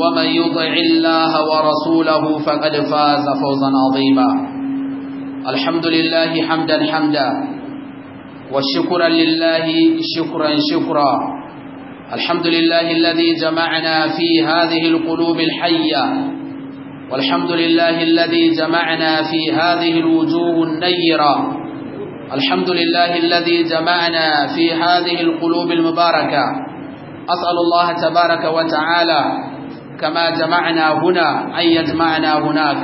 ومن يطع الله ورسوله فقد فاز فوزا عظيما الحمد لله حمدا حمدا وشكرا لله شكرا شكرا الحمد لله الذي جمعنا في هذه القلوب الحية والحمد لله الذي جمعنا في هذه الوجوه النيرة الحمد لله الذي جمعنا في هذه القلوب المباركة أسأل الله تبارك وتعالى كما جمعنا هنا أن يجمعنا هناك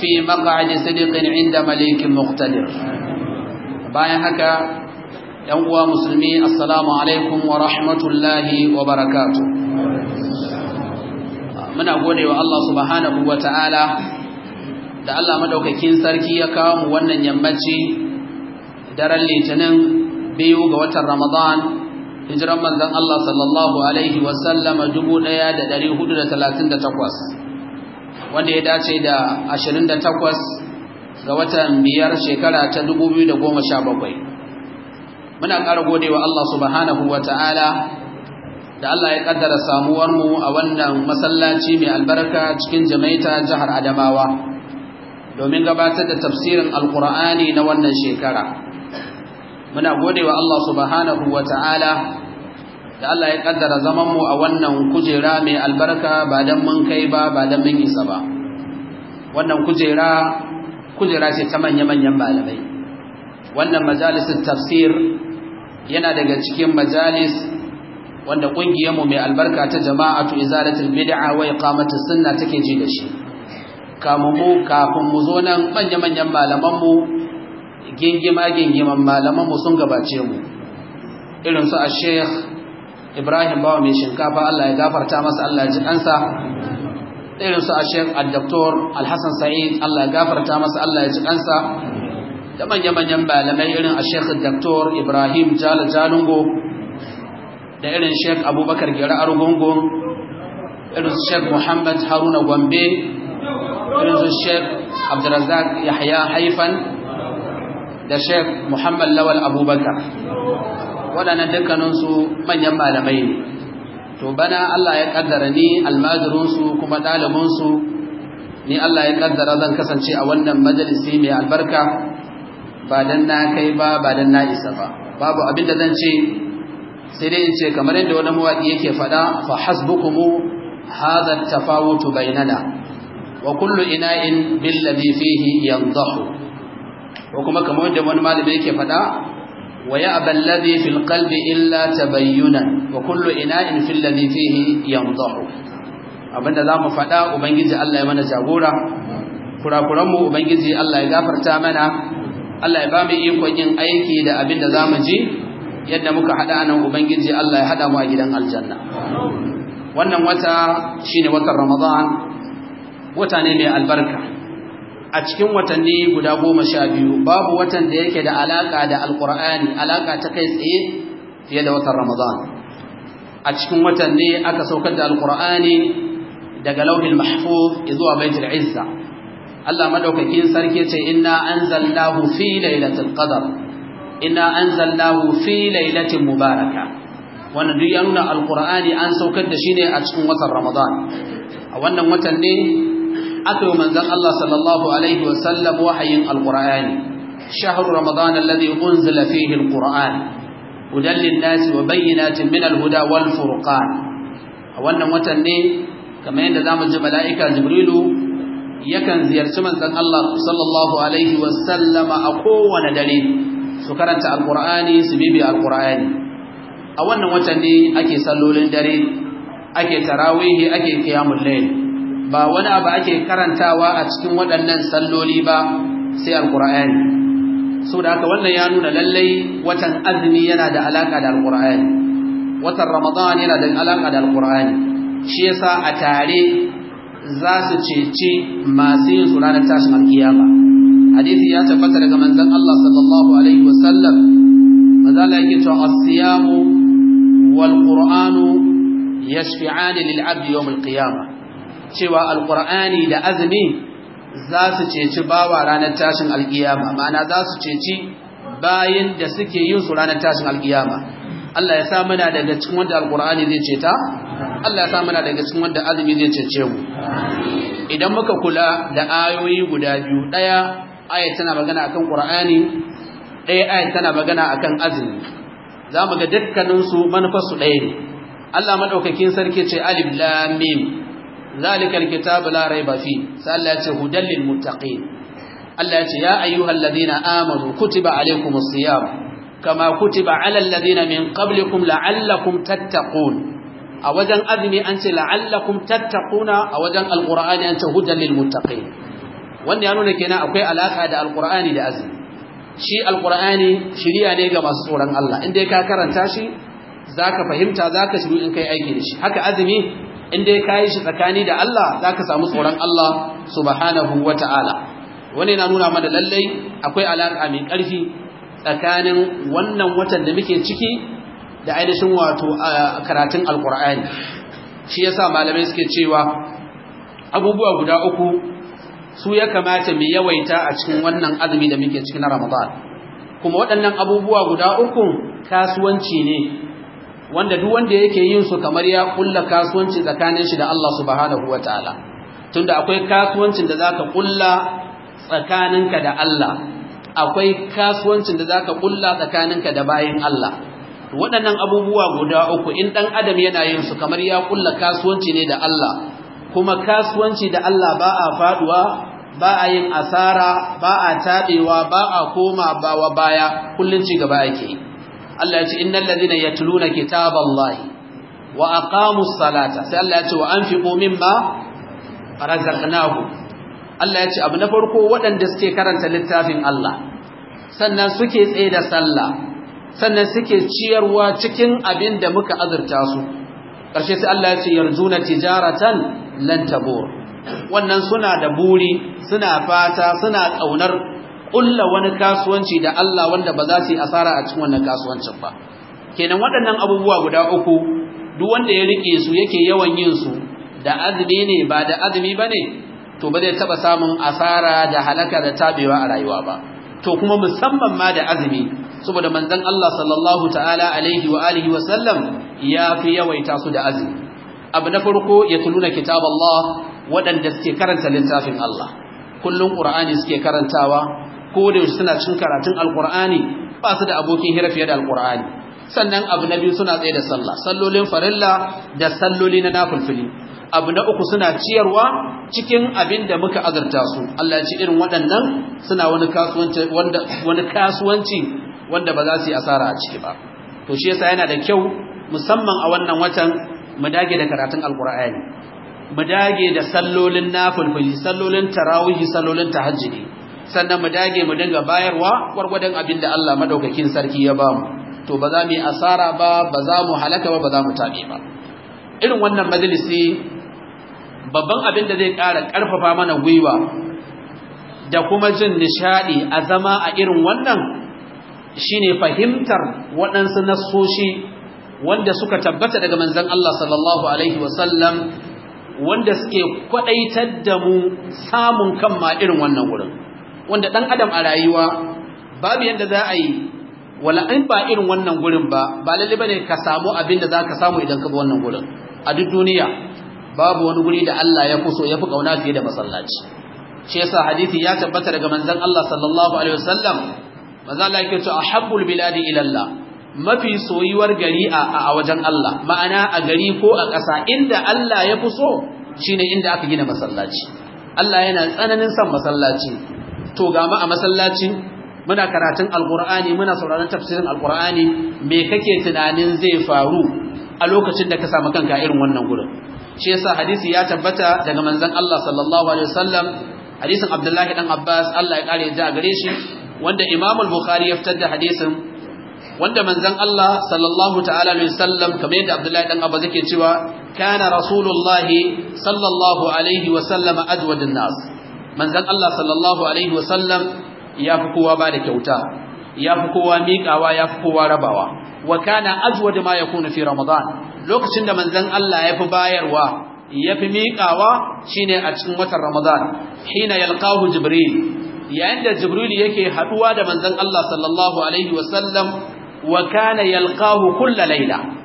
في مقعد صدق عند مليك مقتدر bayan haka dan uwa musulmi asalamu alaikum wa rahmatullahi wa barakatu muna gode wa Allah subhanahu wa da Allah madaukakin sarki ya kawo mu wannan yammaci daren litinin biyu ga watan ramadan hijiran manzan Allah sallallahu alaihi wasallama 1438 wanda ya dace da 28 ga watan biyar shekara ta 2017 muna ƙara godewa Allah subhanahu Ta'ala da Allah ya ƙaddara samuwar mu a wannan masallaci mai albarka cikin Jamaita jihar Adamawa domin gabatar da tafsirin Alkur'ani na wannan shekara muna gode wa Allah subhanahu Ta'ala da Allah ya kaddara zaman mu a wannan kujera mai albarka ba dan mun kai ba ba dan mun isa ba wannan kujera kujera ce ta manya-manyan malamai wannan majalisin tafsir yana daga cikin majalis wanda ƙungiyarmu mai albarka ta jama'atu izalatul bid'a wa iqamatus sunna take ji da shi kamun mu kafin mu zo nan manya-manyan malaman mu gingima gingiman malaman mu sun gabace mu irin su a sheikh ibrahim bawa mai shinkafa allah ya gafarta masa allah ji ansa irin su a sheikh al-doktor al-hassan sa'id allah ya gafarta masa allah ya ji ansa da manya-manyan malamai irin a sheikh al-doktor ibrahim jala jalungo da irin sheikh abubakar gira argungun irin su sheikh muhammad haruna gombe irin su sheikh abdurazak yahya haifan da Sheikh Muhammad Lawal Abubakar waɗannan dukkaninsu manyan malamai ne to bana Allah ya kaddara ni almajirinsu kuma ɗalibinsu ni Allah ya kaddara zan kasance a wannan majalisi mai albarka ba dan na kai ba ba dan na isa ba babu abin da zan ce sai dai in ce kamar yadda wani mawaƙi yake faɗa fa hasbukumu hadha tafawutu bainana wa kullu ina'in billadhi fihi yanzahu ko kuma kamar da wani malami yake faɗa wa ya'ba alladhi fil qalbi illa tabayyunan wa kullu ina'in fil ladhi fihi yamdahu abinda zamu faɗa ubangiji Allah ya mana jagora kurakuran mu ubangiji Allah ya gafarta mana Allah ya bamu ikon yin aiki da abinda zamu ji yadda muka hada nan ubangiji Allah ya hada mu a gidan aljanna wannan wata shine watan ramadan wata ne mai albarka a cikin watanni guda goma sha biyu babu watan da yake da alaka da alkur'ani alaka ta kai tsaye fiye da watan ramadan a cikin watanni aka saukar da alkur'ani daga lauhin mahfuz zuwa baitul izza Allah madaukakin sarki ce inna anzalnahu fi lailatul qadr inna anzalnahu fi lailatin mubaraka wannan duk ya nuna alkur'ani an saukar da shi ne a cikin watan ramadan a wannan watan ne aka yi manzon Allah sallallahu alaihi wasallam wahayin alqur'ani شهر رمضان الذي أنزل فيه القرآن هدى للناس وبينات من الهدى والفرقان wannan watan ne kamar yadda zamu ji mala'ika jibrilu yakan ziyarci manzon Allah sallallahu alaihi wasallama a kowane dare su karanta alqur'ani su bibi alqur'ani a wannan watan ne ake sallolin dare ake tarawihi ake qiyamul ba wani abu ake karantawa a cikin waɗannan salloli ba sai alqur'ani da haka wannan ya nuna lallai watan azumi yana da alaƙa da alqur'ani watan ramadan yana da alaƙa da alqur'ani shi yasa a tare za su ceci masu yin su ranar tashin alkiyama hadisi ya tabbata daga manzon Allah sallallahu alaihi wasallam mazala yake cewa as-siyamu wal qur'anu yashfi'ani lil 'abdi yawm al-qiyamah cewa alqur'ani da azumi za su ceci bawa ranar tashin alkiyama ma'ana za su ceci bayin da suke yin su ranar tashin alkiyama Allah ya sa muna daga cikin wanda Alƙur'ani zai ceta Allah ya sa muna daga cikin wanda azumi zai cece mu idan muka kula da ayoyi guda biyu daya ayat tana magana akan qur'ani daya ayat tana magana akan azumi zamu ga dukkanin su manufar su daya ne Allah madaukakin sarki ce alif lam mim zalikal kitabu la raiba fi sai Allah ya ce hudal Allah ya ce ya ayyuhal ladina amanu kutiba alaykumus siyam kama kutiba alal ladina min qablikum la'allakum tattaqun a wajen azumi an ce la'allakum tattaquna a wajen alqur'ani an ce hudal lil muttaqin wannan ya nuna kenan akwai alaka da alqur'ani da azumi shi alqur'ani shiriya ne ga masu tsoron Allah inda ka karanta shi ka fahimta zaka shiru in yi aiki da shi haka azumi in dai ka yi shi tsakani da Allah za ka samu tsoron Allah subhanahu wa ta'ala wani yana nuna mana lallai akwai alaƙa mai ƙarfi tsakanin wannan watan da muke ciki da ainihin wato karatun alƙur'ani shi yasa malamai suke cewa abubuwa guda uku su ya kamata mu yawaita a cikin wannan azumi da muke ciki na Ramadan kuma waɗannan abubuwa guda uku kasuwanci ne wanda duk wanda yake yin su kamar ya kulla kasuwanci tsakanin shi da Allah subhanahu wataala tunda akwai kasuwancin da zaka kulla tsakaninka da Allah akwai kasuwancin da zaka kulla tsakaninka da bayin Allah waɗannan abubuwa guda uku in dan adam yana yin su kamar ya kulla kasuwanci ne da Allah kuma kasuwanci da Allah ba a faduwa ba a yin asara ba a tabewa ba a koma bawa baya kullun ci gaba yake yi Allah ya ce innal ladhina yatluna kitaballahi wa aqamus salata sai Allah ya ce wa anfiqu mimma razaqnahum Allah ya ce abu na farko waɗanda suke karanta littafin Allah sannan suke tsaye da sallah sannan suke ciyarwa cikin abin da muka azurta su ƙarshe sai Allah ya ce yarjuna tijaratan lan tabur wannan suna da buri suna fata suna ƙaunar ƙulla wani kasuwanci da Allah wanda ba za su yi asara a cikin wannan kasuwancin ba kenan waɗannan abubuwa guda uku duk wanda ya rike su yake yawan yin su da azumi ne ba da azumi ba ne to ba zai taɓa samun asara da halaka da tabewa a rayuwa ba to kuma musamman ma da azumi saboda manzon Allah sallallahu ta'ala alaihi wa alihi wa sallam ya fi yawaita su da azumi abu na farko ya tuluna kitab Allah waɗanda suke karanta littafin Allah kullum Qur'ani suke karantawa ko da suna cin karatun alqur'ani ba su da abokin hira fiye da alqur'ani sannan abu na biyu suna tsaye da sallah sallolin farilla da salloli na nafilfili abu na uku suna ciyarwa cikin abin da muka azarta su Allah ya ci irin waɗannan suna wani kasuwanci wanda wani ba za su yi asara a ciki ba to shi yasa yana da kyau musamman a wannan watan mu dage da karatun alqur'ani mu dage da sallolin nafilfili sallolin tarawih sallolin tahajjudi sannan mu dage mu dinga bayarwa gwargwadon abin da Allah madaukakin sarki ya bamu to ba za mu yi asara ba ba za mu halaka ba ba za mu tabe ba irin wannan majalisi babban abin da zai ƙara ƙarfafa mana gwiwa da kuma jin nishaɗi a zama a irin wannan shine fahimtar waɗansu nassoshi wanda suka tabbata daga manzon Allah sallallahu alaihi wasallam wanda suke kwadaitar da mu samun kanma irin wannan wurin wanda ɗan adam a rayuwa babu yadda za a yi wala in ba irin wannan gurin ba ba lalle bane ka samu abin da zaka samu idan ka bi wannan gurin a duk duniya babu wani guri da Allah ya kuso ya fi kauna fiye da masallaci shi yasa hadisi ya tabbata daga manzon Allah sallallahu alaihi wasallam manzon Allah yake cewa ahabbul biladi ila Allah mafi soyuwar gari a wajen Allah ma'ana a gari ko a ƙasa inda Allah ya fi so shine inda aka gina masallaci Allah yana tsananin son masallaci to ga mu a masallacin muna karatun alqur'ani muna sauraron tafsirin alqur'ani me kake tunanin zai faru a lokacin da ka samu kanka irin wannan gurin shi yasa hadisi ya tabbata daga manzon Allah sallallahu alaihi wasallam hadisin Abdullahi dan Abbas Allah ya kare da gare shi wanda Imam al-Bukhari ya fitar da hadisin wanda manzon Allah sallallahu ta'ala alaihi wasallam kamar yadda Abdullahi dan Abba yake cewa kana rasulullahi sallallahu alaihi wasallam adwadun nas Manzan Allah sallallahu alaihi wasallam ya fi kowa ba da kyauta ya fi kowa miƙawa ya fi kowa rabawa wa kana ajwad ma kuna fi ramadan lokacin da manzan Allah ya fi bayarwa ya fi miƙawa shi ne a cikin watan ramadan hina yalqahu jibril yayin da jibril yake haɗuwa da manzan Allah sallallahu alaihi wasallam wa kana yalqahu kulla laila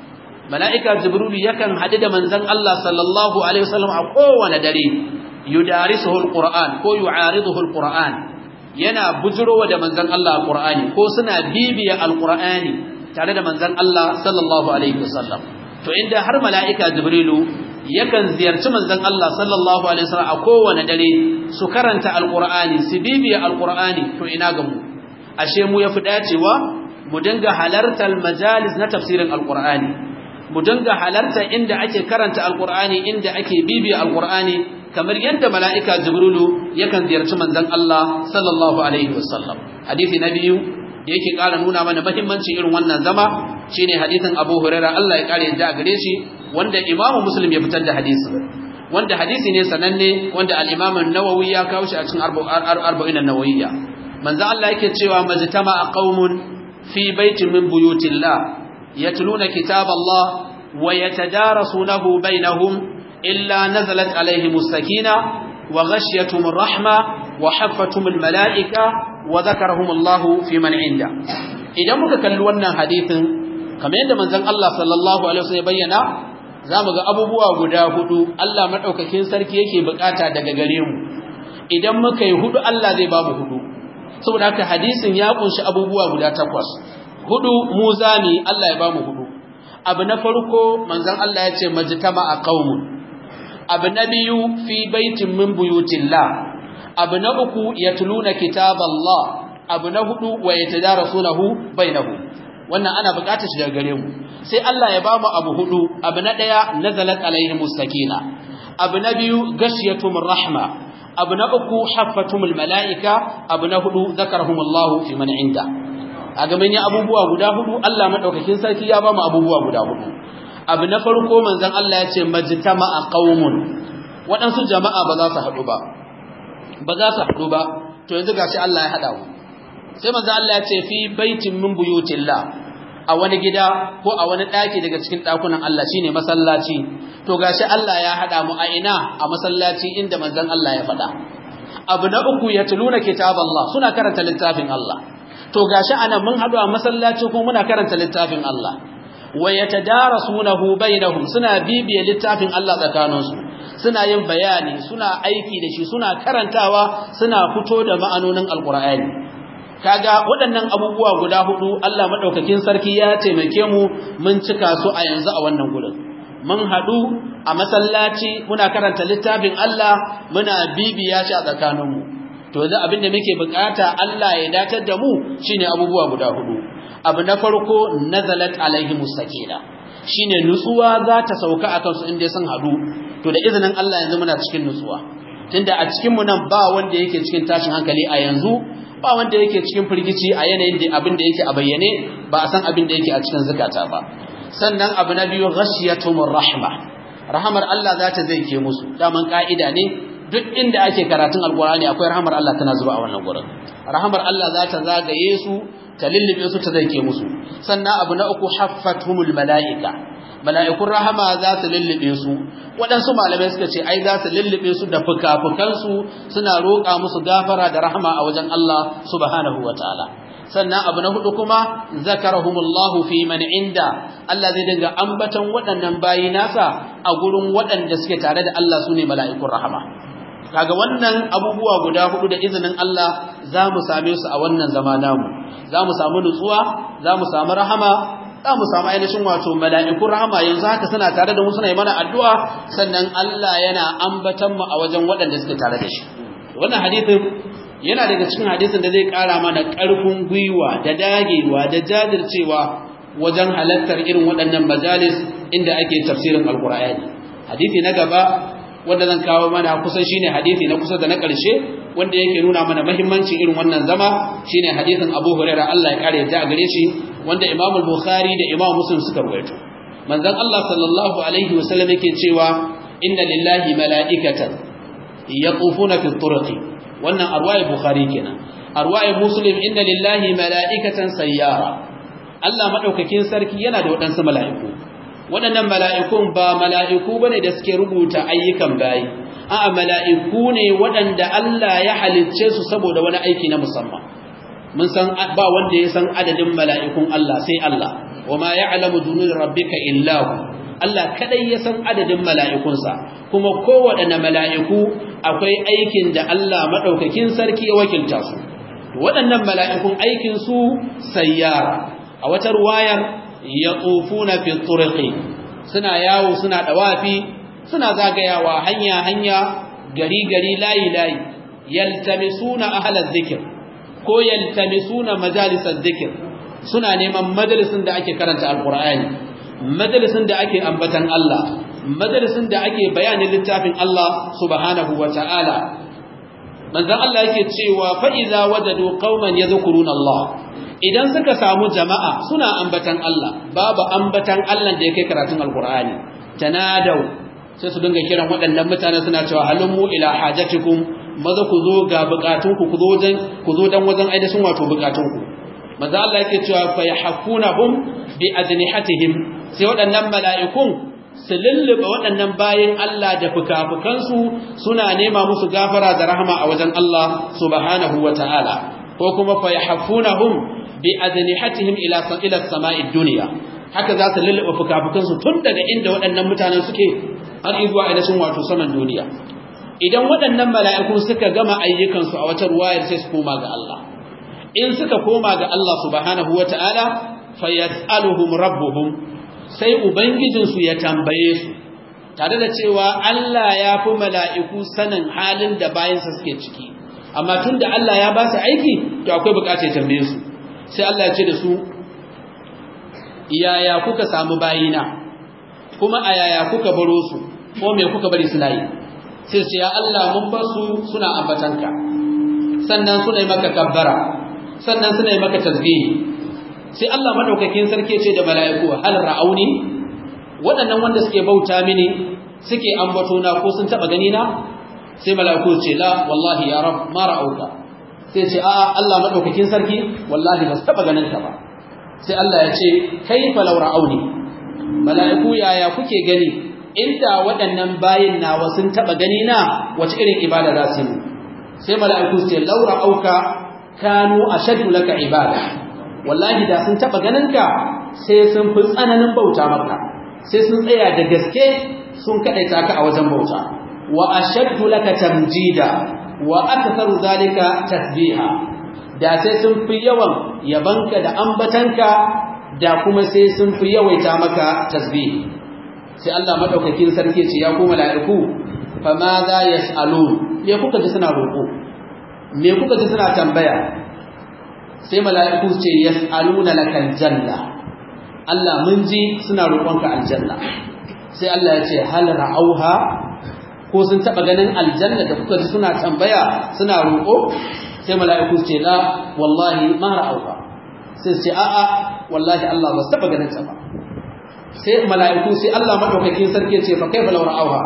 mala'ika jibrilu yakan haɗu da manzan Allah sallallahu Alaihi wasallam a kowane dare yudarisuhu alquran ko yu'ariduhu alquran yana bujurowa da manzon Allah alqurani ko suna bibiya alqurani tare da manzan Allah sallallahu alaihi wasallam to inda har mala'ika jibrilu yakan ziyarci manzan Allah sallallahu alaihi wasallam a kowane dare su karanta alqurani su bibiya alqurani to ina ga mu ashe mu yafi dacewa mu dinga halartar majalis na tafsirin alqurani mu dinga halartar inda ake karanta alqur'ani inda ake bibiya alqur'ani kamar yadda mala'ika jibrilu yakan ziyarci manzan Allah sallallahu alaihi wasallam hadisi na biyu da yake ƙara nuna mana mahimmancin irin wannan zama shine hadisin Abu huraira Allah ya ƙara yanzu a gare shi wanda Imamu Muslim ya fitar da hadisin wanda hadisi ne sananne wanda al'imamin imam nawawi ya kawo shi a cikin arba'in an-Nawawiyya Manzan Allah yake cewa a ƙaumun fi baitin min buyutillah yatluna kitaballah wa yatadarasunahu bainahum illa nazalat alaihim sakina wa ghashiyatuhum rahma wa haffatuhum almalaika wa dhakarahum Allah fi man inda idan muka kalli wannan hadisin kamar yadda manzon Allah sallallahu alaihi ya bayyana zamu ga abubuwa guda hudu Allah maɗaukakin sarki yake bukata daga gare mu idan muka yi hudu Allah zai bamu hudu saboda haka hadisin ya ƙunshi abubuwa guda takwas hudu mu zami Allah ya bamu hudu abu na farko manzon Allah ya ce majtama a qaumun abu na biyu fi baitin min buyutillah abu na uku ya yatluna kitaballah abu na hudu wa yatadarasunahu bainahu wannan ana bukatar shi daga gare mu sai Allah ya bamu abu hudu abu na daya nazalat alaihimus sakina abu na biyu gashiyatumur rahma abu na uku haffatumul malaika abu na hudu zakarahumullahu fi man inda a abubuwa guda hudu Allah madaukakin sarki ya bamu abubuwa guda hudu abu na farko manzan Allah ya ce a qaumun waɗansu jama'a ba za su haɗu ba ba za su haɗu ba to yanzu gashi Allah ya haɗa mu sai manzan Allah ya ce fi baitin min buyutillah a wani gida ko a wani ɗaki daga cikin ɗakunan Allah shi ne masallaci to gashi Allah ya haɗa mu a ina a masallaci inda manzan Allah ya faɗa abu na uku ya kitabun Allah suna karanta littafin Allah to gashi ana mun haɗu a masallaci kuma muna karanta littafin Allah wa yatadarasunahu bainahum suna bibiya littafin Allah tsakaninsu suna yin bayani suna aiki da shi suna karantawa suna fito da ma'anonin alqur'ani kaga waɗannan abubuwa guda hudu Allah madaukakin sarki ya taimake mu mun cika su a yanzu a wannan gurin mun haɗu a masallaci muna karanta littafin Allah muna bibiya shi a tsakaninmu to yanzu abin da muke bukata Allah ya datar da mu shine abubuwa guda hudu abu na farko nazalat alaihimu sakina shine nutsuwa za ta sauka akan su inda sun hadu to da izinin Allah yanzu muna cikin nutsuwa tunda a cikin mu nan ba wanda yake cikin tashin hankali a yanzu ba wanda yake cikin firgici a yanayin da abin da yake a bayyane ba a san abin da yake a cikin zakata ba sannan abu na biyu ghashiyatumur rahma rahamar Allah za ta zai ke musu daman ka'ida ne duk inda ake karatun alkur'ani akwai rahmar Allah tana zuba a wannan gurin rahamar Allah za ta zagaye su ta lullube su ta zake musu sannan abu na uku haffathumul mala'ika mala'ikun rahama za su lullube su waɗansu malamai suka ce ai za su lullube su da fuka-fukansu suna roƙa musu gafara da rahama a wajen Allah subhanahu wataala sannan abu na hudu kuma zakarahumullahu fi man inda Allah zai dinga ambaton waɗannan bayi nasa a gurin waɗanda suke tare da Allah sune mala'ikun rahama kaga wannan abubuwa guda hudu da izinin Allah za mu same su a wannan zama namu za mu samu nutsuwa za mu samu rahama za mu samu ainihin wato mala'iku rahama yanzu haka suna tare da mu suna yi mana addu'a sannan Allah yana ambatan mu a wajen waɗanda suke tare da shi wannan hadisin yana daga cikin hadisin da zai ƙara mana ƙarfin gwiwa da dagewa da jajircewa wajen halartar irin waɗannan majalis inda ake tafsirin alƙur'ani hadisi na gaba wanda zan kawo mana kusan shine hadisi na kusa da na ƙarshe wanda yake nuna mana mahimmancin irin wannan zama shine hadisin Abu Hurairah Allah ya kare yadda a gare shi wanda Imam Bukhari da Imam Muslim suka rawaito manzon Allah sallallahu alaihi wasallam yake cewa inna lillahi mala'ikatan yaqufuna fi turuqi wannan arwaye Bukhari kenan arwaye Muslim inna lillahi mala'ikatan sayyara Allah madaukakin sarki yana da waɗansu mala'iku waɗannan mala'ikun ba mala'iku ne da suke rubuta ayyukan bayi a'a mala'iku ne waɗanda Allah ya halicce su saboda wani aiki na musamman mun san ba wanda ya san adadin mala'ikun Allah sai Allah wama ya'lamu junud rabbika illa Allah kadai ya san adadin mala'ikunsa kuma kowaɗanne mala'iku akwai aikin da Allah maɗaukakin sarki ya wakilta su waɗannan mala'ikun aikin su sayyara a wata ruwayar Yatsufu fi turqi suna yawo suna dawafi suna zagayawa hanya hanya gari gari layi layi yaltamisuna ahla dhikr ko yaltamisuna majalis dhikr suna neman majalisin da ake karanta alqur'ani majalisin da ake ambatan Allah majalisin da ake bayanin littafin Allah subhanahu wata'ala manzon Allah yake cewa fa iza wajadu qauman yadhkuruna Allah idan suka samu jama'a suna ambatan Allah babu ambatan Allah da kai karatun alkur'ani tanadau sai su dinga kiran waɗannan mutanen suna cewa mu ila hajatikum maza ku zo ga bukatunku ku zo wajen ku zo dan wajen sun wato bukatunku maza Allah yake cewa fa yahfunahum bi ajnihatihim sai waɗannan mala'ikun su lulluba waɗannan bayan Allah da fukafukansu suna nema musu gafara da rahama a wajen Allah subhanahu ta'ala, ko kuma fa yahfunahum bi ajnihatihim ila ila samai dunya haka za su lullube fukafukan su tun daga inda waɗannan mutanen suke har zuwa ainihin wato saman duniya idan waɗannan mala'iku suka gama ayyukan su a wata ruwayar sai su koma ga Allah in suka koma ga Allah subhanahu wata'ala fayas'aluhum rabbuhum sai ubangijinsu ya tambaye su tare da cewa Allah ya fi mala'iku sanin halin da bayansa suke ciki amma tun da Allah ya ba su aiki to akwai bukatar tambaye su sai Allah ya ce da su yaya kuka samu bayina kuma a yaya kuka baro su ko me kuka bari su layi sai su ya Allah mun bar su suna ambatanka sannan suna yi maka kabbara sannan suna yi maka tasbihi sai Allah madaukakin sarki ce da mala'iku hal ra'auni waɗannan wanda suke bauta mini suke ambato na ko sun taba gani na sai mala'iku ce la wallahi ya rab ma ra'auka sai ce a'a Allah madaukakin sarki wallahi ba su taba ganin ta ba sai Allah ya ce kaifa law auni. mala'iku yaya kuke gani inda waɗannan bayin na sun taba gani na wace irin ibada za su yi sai mala'iku su ce law ra'auka kanu ashadu laka ibada wallahi da sun taba ganin ka sai sun fi tsananin bauta maka sai sun tsaya da gaske sun kaɗai taka a wajen bauta wa ashadu laka tamjida wa aktharu zalika tasbiha da sai sun fi yawan yabanka da ambatanka da kuma sai sun fi yawaita maka tasbih sai Allah madaukakin sarki ce ya ku mala'iku fa ma za yas'alun me kuka ji suna roƙo me kuka ji suna tambaya sai mala'iku ce yas'aluna lakal janna Allah mun ji suna roƙonka aljanna sai Allah ya ce hal ra'auha ko sun taba ganin aljanna da kuka ji suna tambaya suna roƙo sai mala'iku ce la wallahi ma ra'auka sai ce a'a wallahi Allah ba su taba ganin ta ba sai mala'iku sai Allah madaukakin sarki ce fa kai law ra'auha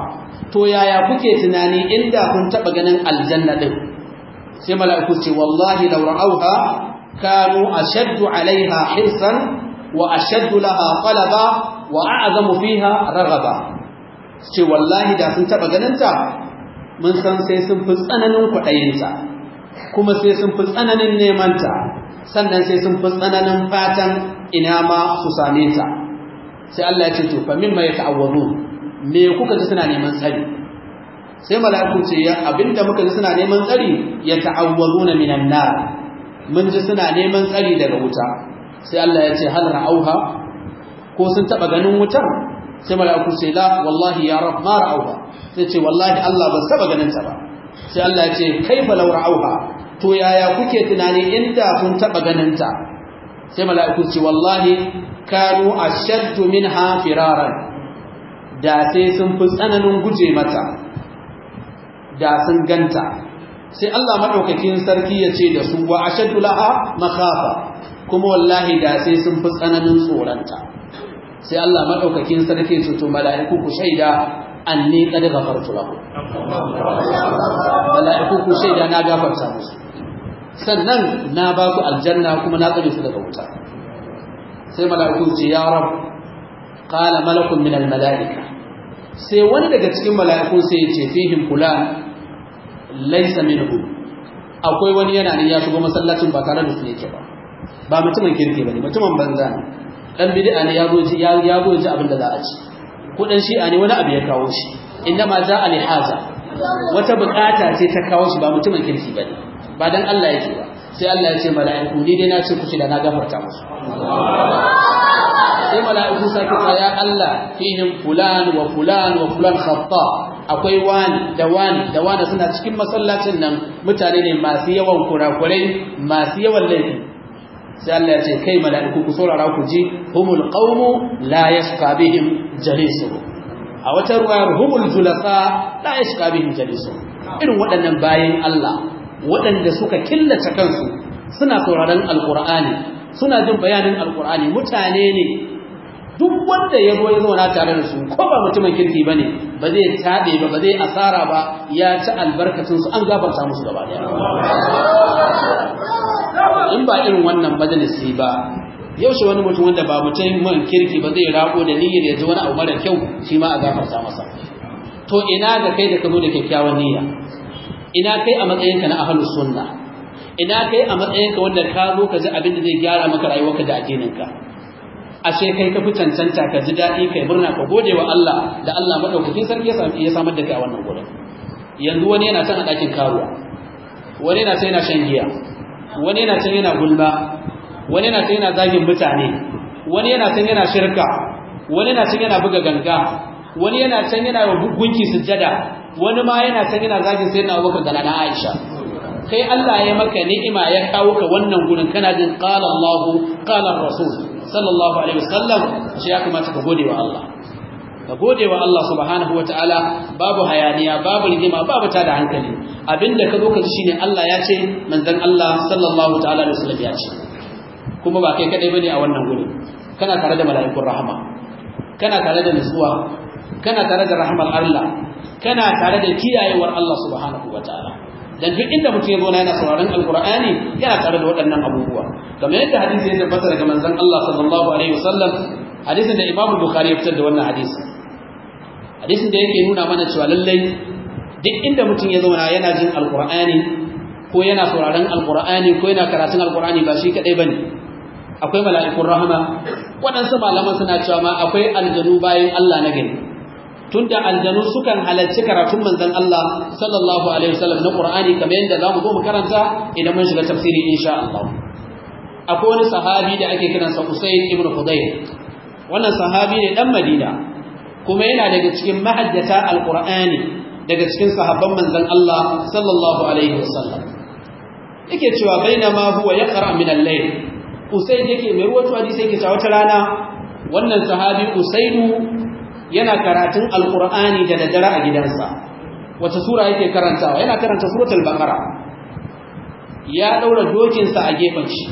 to yaya kuke tunani inda kun taba ganin aljanna din sai mala'iku ce wallahi law ra'auha kanu ashaddu alaiha hirsan wa ashaddu laha qalaba wa a'zamu fiha ragaba ce wallahi da sun taɓa ganinta mun san sai sun fi tsananin kwaɗayinta kuma sai sun fi tsananin nemanta sannan sai sun fi tsananin fatan ina ma su same ta sai Allah ya ce to fa mimma yata'awwadu me kuka ji suna neman tsari sai mala'iku ce ya abinda muka ji suna neman tsari yata'awwaduna minan nar mun ji suna neman tsari daga wuta sai Allah ya ce hal ra'auha ko sun taba ganin wutar sai mala'iku sai la wallahi ya rab ma ra'auha sai ce wallahi Allah ban saba ganin ta ba sai Allah ya ce kaifa law ra'auha to yaya kuke tunani da kun taba ganin ta sai mala'iku ce wallahi kanu ashaddu minha firaran da sai sun fi tsananin guje mata da sun ganta sai Allah madaukakin sarki ya ce da su wa ashaddu laha makhafa kuma wallahi da sai sun fi tsananin tsoranta sai Allah maɗaukakin sarki ce to mala'iku ku shaida anni qad ghafartu lahu mala'iku ku shaida na gafarta musu sannan na ba ku aljanna kuma na tsare su daga wuta sai mala'iku ce ya rab ƙala malakun min al mala'ika sai wani daga cikin mala'iku sai ya ce fihim laisa laysa hu, akwai wani yana ne ya shigo masallacin ba tare da su yake ba ba mutumin kirki ne, mutumin banza ne dan bid'a ne ya ji ya ji abin da za a ci ko dan shi'a ne wani abu ya kawo shi inna ma za ali haza wata bukata ce ta kawo shi ba mutumin kirki bane ba dan Allah yake ba sai Allah ya ce mala'iku ni dai na ce ku da na gafarta musu sai mala'iku sai ka ya Allah fihim fulan wa fulan wa fulan khata akwai wani da wani da wani suna cikin masallacin nan mutane ne masu yawan kurakurai masu yawan laifi sai Allah ya ce kai mala'iku ku saurara ku ji humul qaumu la yashqa bihim jalisu a wata ruwayar humul julasa la yashqa bihim jalisu irin waɗannan bayin Allah waɗanda suka killace kansu suna sauraron alqur'ani suna jin bayanin alqur'ani mutane ne duk wanda ya zo ya zauna tare da su ko ba mutumin kirki ba ne ba zai taɓe ba ba zai asara ba ya ci albarkacin su an gafarta musu gaba daya in ba irin wannan majalisi ba yaushe wani mutum wanda ba mutum man kirki ba zai rako da niyyar ya ji wani abu mara kyau shi ma a gafarta masa to ina ga kai da ka da kyakkyawan niyya ina kai a matsayinka na ahlus sunna ina kai a matsayinka wanda ka zo ka ji abin da zai gyara maka rayuwarka da addininka ashe kai ka fi cancanta ka ji daɗi kai murna ka gode wa Allah da Allah madaukakin sarki ya samar da kai a wannan gurin yanzu wani yana can a ɗakin karuwa wani yana sai yana shan giya wani yana can yana gulma wani yana can yana zagin mutane wani yana can yana shirka wani yana can yana buga ganga wani yana can yana gunki sujjada wani ma yana can yana zagin sayyidina Abubakar da Aisha kai Allah ya maka ni'ima ya kawo ka wannan gurin kana jin qala Allahu qala Rasul sallallahu alaihi wasallam shi ya kamata ka gode wa Allah ka gode wa Allah subhanahu wataala babu hayaniya babu rigima babu ta da hankali abinda ka zo ka ji shine Allah ya ce manzon Allah sallallahu ta'ala alaihi wasallam ya ce kuma ba kai kadai bane a wannan guri kana tare da mala'ikun rahama kana tare da nutsuwa kana tare da rahmar Allah kana tare da kiyayewar Allah subhanahu wataala dan duk inda mutum ya zo yana sauraron alqur'ani yana tare da waɗannan abubuwa kamar yadda hadisi ya tabbata daga manzon Allah sallallahu alaihi wasallam hadisin da Imam Bukhari ya fitar da wannan hadisi hadisin da yake nuna mana cewa lallai duk inda mutum ya zauna yana jin alqur'ani ko yana sauraron alqur'ani ko yana karatun alqur'ani ba shi kadai bane akwai mala'ikun rahama waɗansu malaman suna cewa ma akwai aljanu bayan Allah na gani tunda aljanu sukan halarci karatun manzon Allah sallallahu alaihi wasallam na Qur'ani kamar yadda zamu zo mu karanta idan mun shiga tafsiri insha Allah akwai wani sahabi da ake kiransa Usayd ibn Hudayr wannan sahabi ne dan Madina kuma yana daga cikin mahaddata alqur'ani daga cikin sahabban manzon Allah sallallahu alaihi wasallam yake cewa bainama huwa yaqra min al-layl usayd yake mai ruwato hadisi yake cewa wata rana wannan sahabi Usainu, yana karatun alqur'ani da daddare a gidansa wata sura yake karantawa yana karanta suratul baqara ya daura dokinsa a gefen shi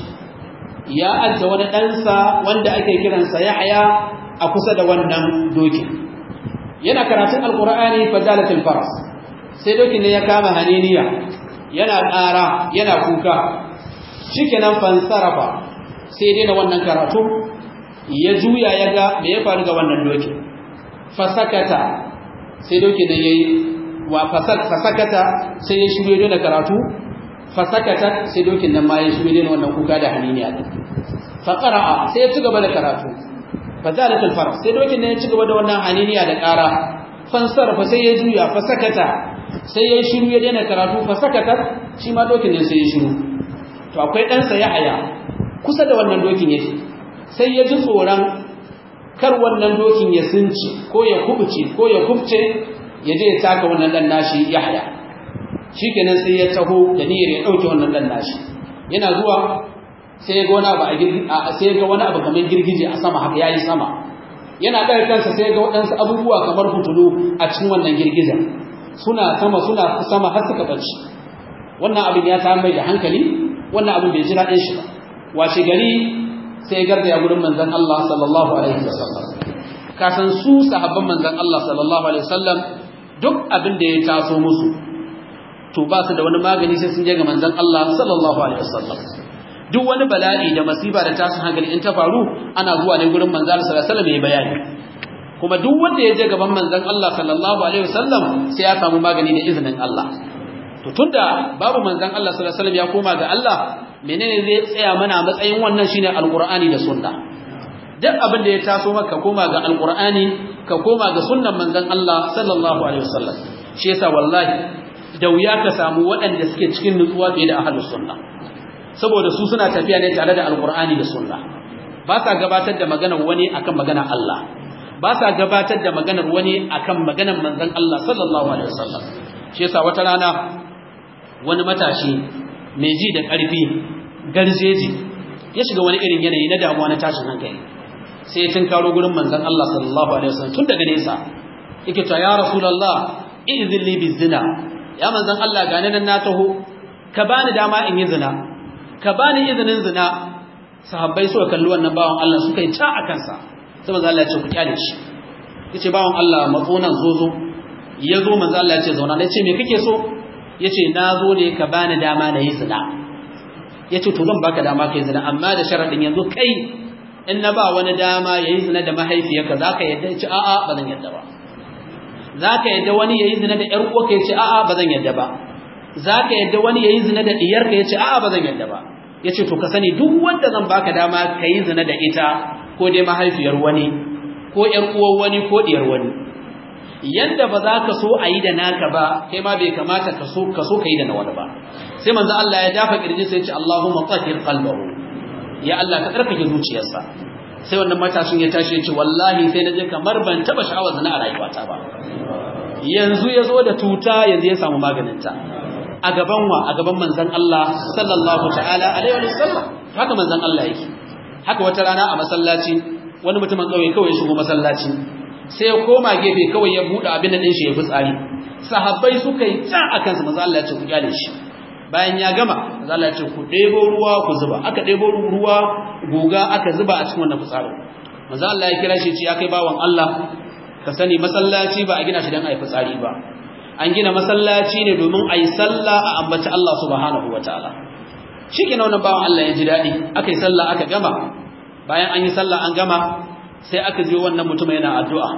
ya adda wani ɗansa wanda ake kiransa yahya a kusa da wannan dokin yana karatun alqur'ani fazalatul faras sai dokin ne ya kama haniniya yana ƙara yana kuka shikenan fansarafa sai dai na wannan karatu ya juya ya ga me ya faru ga wannan dokin fasakata sai dokin ne yayi wa fasakata sai ya shirye da karatu fasakata sai dokin nan ma ya shirye da wannan kuka da haniniya fa qara'a sai ya ci gaba da karatu fazalat al-farah sai dokin ne ya ci gaba da wannan haniniya da ƙara fansarfa sai ya juya fa sakata sai ya shiru ya daina karatu fa sakata shi ma dokin ne sai ya shiru to akwai dan sa Yahaya kusa da wannan dokin yake sai ya ji tsoron kar wannan dokin ya tsinci, ko ya kubuce ko ya kubce ya je ya taka wannan dan nashi Yahaya shikenan sai ya taho da niyyar ya dauke wannan dan nashi yana zuwa sai ga wani abu a girgi sai ga wani abu kamar girgije a sama haka yayi sama yana ɗaga kansa sai ga waɗansu abubuwa kamar fitulu a cikin wannan girgizar suna sama suna sama har suka barci. wannan abin ya samu da hankali wannan abin bai jira ɗin shi ba washe gari sai garda ya gurin manzon Allah sallallahu alaihi wasallam ka san su sahabban manzon Allah sallallahu alaihi wasallam duk abin da ya taso musu to ba su da wani magani sai sun je ga manzon Allah sallallahu alaihi wasallam duk wani bala'i da masifa da tasu hankali in ta faru ana zuwa ne gurin manzo Allah sallallahu alaihi wasallam ya bayani kuma duk wanda ya je gaban Manzan Allah sallallahu alaihi wasallam sai ya samu magani da izinin Allah to tunda babu manzon Allah sallallahu alaihi wasallam ya koma ga Allah menene zai tsaya mana matsayin wannan shine alqur'ani da sunna duk abin da ya taso maka koma ga alqur'ani ka koma ga sunnan manzon Allah sallallahu alaihi wasallam shi yasa wallahi da wuya ka samu waɗanda suke cikin nutsuwa fiye da ahlus sunna saboda su suna tafiya ne tare da Alkur'ani da sunna ba sa gabatar da maganar wani akan maganar Allah ba sa gabatar da maganar wani akan maganar manzon Allah sallallahu alaihi wasallam shi yasa wata rana wani matashi mai ji da ƙarfi garzeji ya shiga wani irin yanayi na damuwa na tashin hankali sai ya tunkaro gurin manzon Allah sallallahu alaihi wasallam tun daga nesa yake ta ya rasulullah idhilli bizina ya manzon Allah ga nan na taho ka bani dama in yi zina ka bani izinin zina sahabbai suka kalli wannan bawan Allah suka yi ta a kansa sai manzo Allah ya ce ku kyale shi yace bawan Allah matsonan zozo ya zo manzo Allah ya ce zauna ne ce me kake so yace na zo ne ka bani dama na yi zina yace to zan baka dama kai zina amma da sharadin yanzu kai in na ba wani dama yayi zina da mahaifiyarka zaka yadda yace a'a ba zan yadda ba zaka yadda wani yayi zina da yar uwarka yace a'a ba zan yadda ba za ka yadda wani ya yi zina da ɗiyarka ya ce a ba zan yadda ba ya ce to ka sani duk wanda zan baka dama ka yi zina da ita ko dai mahaifiyar wani ko ‘yar uwar wani ko ɗiyar wani yadda ba za ka so a yi da naka ba kai ma bai kamata ka so ka yi da na wani ba sai manzo Allah ya dafa kirji sai ya ce Allahumma tahhir qalbahu ya Allah ka karfafa zuciyarsa sai wannan matashin ya tashi ya ce wallahi sai na je kamar ban taba sha'awar zina a rayuwata ba yanzu ya zo da tuta yanzu ya samu maganinta a gaban wa a gaban manzon Allah sallallahu ta'ala alaihi wa sallam haka manzon Allah yake haka wata rana a masallaci wani mutumin kauye kawai shigo masallaci sai ya koma gefe kawai ya buɗe abin nan shi ya tsari. sahabbai suka yi ta akan sa manzon Allah ya ce ku kyale shi bayan ya gama manzon Allah ya ce ku ɗebo ruwa ku zuba aka ɗebo ruwa goga aka zuba a cikin wannan fitsarin manzon Allah ya kira shi ya ya kai bawan Allah ka sani masallaci ba a gina shi don a yi fitsari ba an gina masallaci ne domin a yi sallah a ambaci Allah subhanahu wa ta'ala shi ke nauna bawan Allah ya ji daɗi aka yi sallah aka gama bayan an yi sallah an gama sai aka je wannan mutum yana addu'a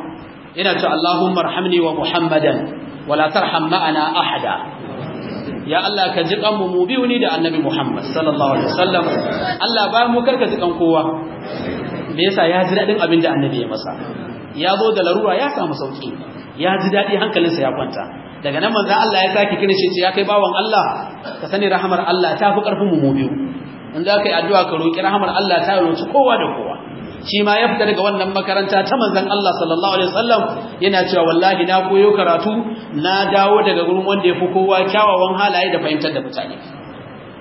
yana ce Allahumma rahamni wa Muhammadan wala tarham ma'ana ahada ya Allah ka ji kanmu mu biyu ni da annabi Muhammad sallallahu alaihi wasallam Allah ba mu karka ji kan kowa me yasa ya ji dadin abin da annabi ya masa ya zo da larura ya samu sauki ya ji dadi hankalinsa ya kwanta daga nan manzan Allah ya sake kiran shi ya kai bawan Allah ka sani rahamar Allah ta fi karfin mu biyu in za ka yi addu'a ka roki rahamar Allah ta roki kowa da kowa shi ma ya fita daga wannan makaranta ta manzan Allah sallallahu alaihi wasallam yana cewa wallahi na koyo karatu na dawo daga gurin wanda ya fi kowa kyawawan halaye da fahimtar da mutane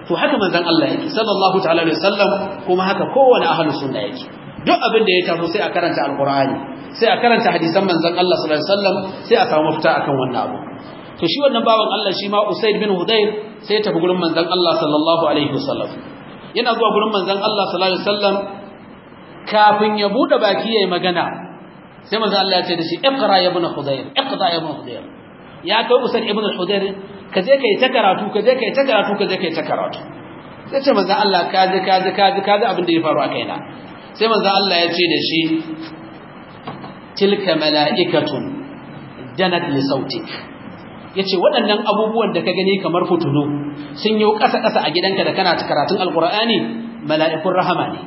to haka manzan Allah yake sallallahu ta'ala alaihi wasallam kuma haka kowane ahlus sunna yake duk abin da ya taso sai a karanta alqur'ani sai a karanta hadisan manzon Allah sallallahu alaihi wasallam sai a samu mafita akan wannan abu to shi wannan baban Allah shi ma Usaid bin Hudayr sai ya tafi gurin manzon Allah sallallahu alaihi wasallam yana zuwa gurin manzon Allah sallallahu alaihi wasallam kafin ya bude baki yayi magana sai manzon Allah ya ce da shi iqra ya ibn Hudayr iqra ya ibn Hudayr ya kai Usaid ibn Hudayr ka je kai ta karatu ka je kai ta karatu ka je kai ta karatu sai ce manzon Allah ka ji ka ji ka ji ka ji abin da ya faru a kaina sai manzon Allah ya ce da shi tilka mala'ikatun janat li sautik Ya ce waɗannan abubuwan da ka gani kamar fitulu sun yi ƙasa ƙasa a gidanka da kana karatun alƙura'ani mala'ikun rahama ne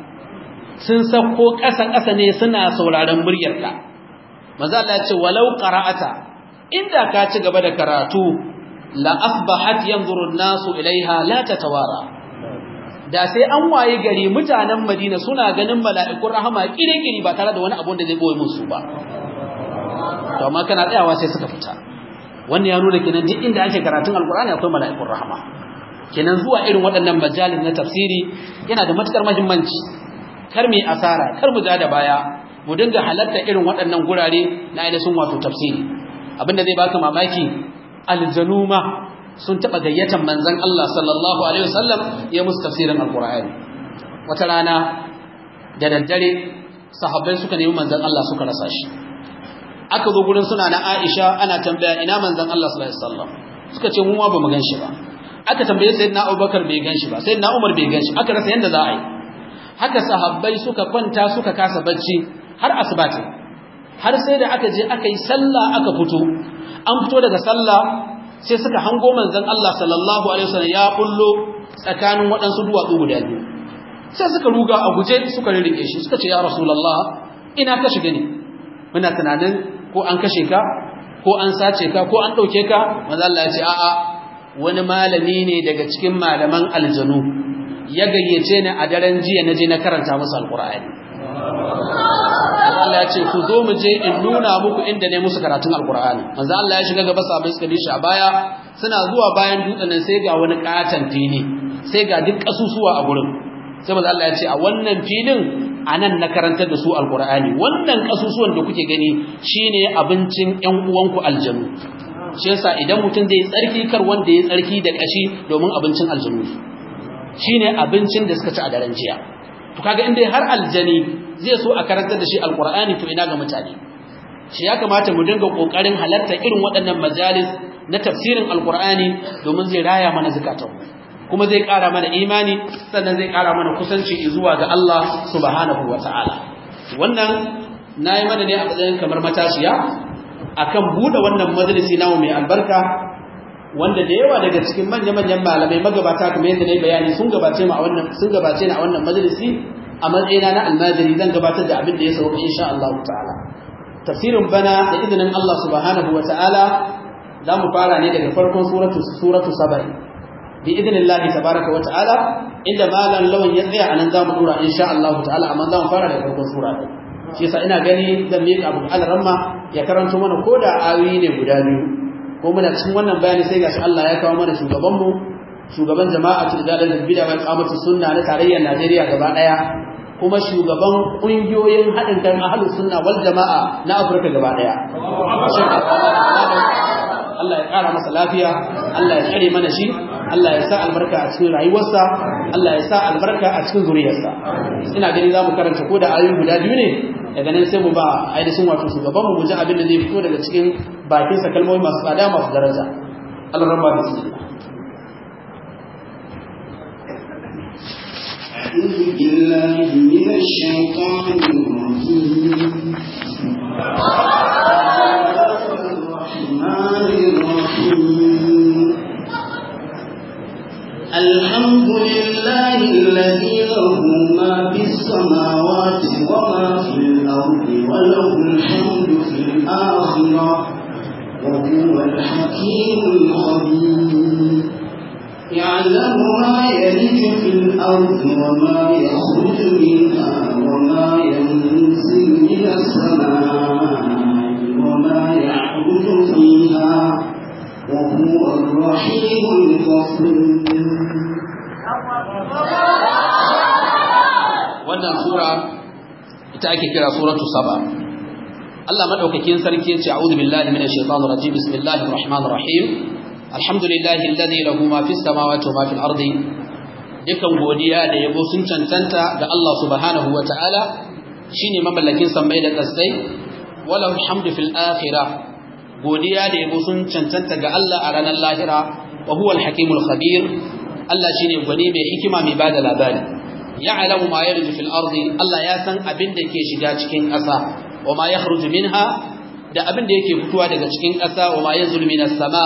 sun sauko ƙasa ƙasa ne suna sauraren muryarka Maza Allah ce walau qara'ata inda ka ci gaba da karatu la asbahat yanzuru an-nasu ilaiha la tatawara da sai an waye gari mutanen Madina suna ganin mala'ikun rahama kire-kire ba tare da wani abu da zai boye musu ba to amma kana tsayawa sai suka fita wannan ya nuna kenan duk inda ake karatun alqur'ani akwai mala'ikun rahama kenan zuwa irin waɗannan majalis na tafsiri yana da matukar muhimmanci kar mu asara kar mu ja da baya mu dinga halatta irin waɗannan gurare na ainihin wato tafsiri abinda zai baka mamaki aljanuma sun taɓa gayyatan manzan Allah sallallahu Alaihi wasallam ya musu tafsirin alkur'ani wata rana da daddare sahabbai suka nemi manzan Allah suka rasa shi aka zo gurin suna na Aisha ana tambaya ina manzon Allah sallallahu alaihi wasallam suka ce mu ma bamu ganshi ba aka tambaye sayyidina Abubakar bai ganshi ba sayyidina Umar bai ganshi aka rasa yanda za a yi haka sahabbai suka kwanta suka kasa bacci har asibati har sai da aka je aka yi sallah aka fito an fito daga sallah sai suka hango manzon Allah sallallahu alaihi wasallam ya kullo tsakanin waɗansu duwatsu guda biyu sai suka ruga a guje suka rirrike shi suka ce ya rasulullah ina ka shiga ne muna tunanin ko an kashe ka ko an sace ka ko an ɗauke ka manzo Allah ya ce a'a wani malami ne daga cikin malaman aljanu ya gayyace ni a daren jiya na je na karanta musu alqur'ani Allah ya ce ku zo mu je in nuna muku inda ne musu karatun alqur'ani Maza Allah ya shiga gaba sabai suka bi shi a baya suna zuwa bayan dutsen nan sai ga wani katan fili sai ga duk kasusuwa a gurin sai Maza Allah ya ce a wannan filin a nan na karantar da su alkur'ani wannan kasusuwan da kuke gani shine abincin 'yan uwanku aljanu shi yasa idan mutum zai tsarki kar wanda ya tsarki da ƙashi domin abincin aljanu shine abincin da suka ci a daren jiya to kaga inda har aljani zai so a karantar da shi alkur'ani to ina ga mutane shi ya kamata mu dinga kokarin halarta irin waɗannan majalis na tafsirin alkur'ani domin zai raya mana zakatanmu kuma zai ƙara mana imani sannan zai ƙara mana kusanci zuwa ga Allah subhanahu wa ta'ala wannan na yi mana ne a matsayin kamar matashiya akan buɗe wannan majalisi namu mai albarka wanda da yawa daga cikin manya-manyan malamai magabata kuma yadda na yi bayani sun gabace a wannan sun gabace a wannan majalisi a matsayina na almajiri zan gabatar da abin da ya sauka insha Allah ta'ala tafsirin bana da izinin Allah subhanahu wa ta'ala za mu fara ne daga farkon suratu suratu bi idnillahi tabaraka wa ta'ala inda malan lawan ya tsaya anan zamu dora insha Allah ta'ala amma zamu fara da farkon sura din shi yasa ina gani zan miƙa abu al ya karanto mana koda ayoyi ne guda biyu ko muna cikin wannan bayani sai gashi Allah ya kawo mana shugaban mu shugaban jama'atul dalal bid'a wal qamatus sunna na tarayyar Najeriya gaba daya kuma shugaban kungiyoyin haɗin kan ahlus sunna wal jama'a na Afirka gaba daya Allah ya ƙara masa lafiya Allah ya tsare mana shi Allah ya sa albarka a cikin rayuwarsa Allah ya sa albarka a cikin zuriyarsa ina ganin za mu karanta ko da ayoyi guda biyu ne daga nan sai mu ba ainihin wato shugaban mu guji abin da zai fito daga cikin bakinsa kalmomi masu tsada masu daraja Allah rabba bismillah أعوذ بالله من الشيطان الرجيم الرحمن الرحيم الحمد لله الذي له ما في السماوات وما في الأرض وله الحمد في الآخرة وهو الحكيم الخبير يعلم ما يلج في الأرض وما يخرج منها وما ينزل من السماء وما يعرج فيها وهو الرحيم الغفور wannan sura ita ake kira suratu saba Allah madaukakin sarki yace a'udhu billahi minash shaitanir rajim bismillahir rahmanir rahim alhamdulillahi alladhi lahu ma fis samawati wa ma fil ardi godiya da yabo sun cancanta ga Allah subhanahu wa ta'ala shine mamallakin sammai da kasai wala hamdu fil akhirah godiya da yabo sun cancanta ga Allah a ranar lahira wa huwa al-hakimul khabir Allah shine gwani mai hikima mai bada labari ya'lamu ma yarju fil ardi Allah ya san abin da ke shiga cikin ƙasa wa ma yakhruju minha da abin da yake fitowa daga cikin ƙasa wa ma yanzulu minas sama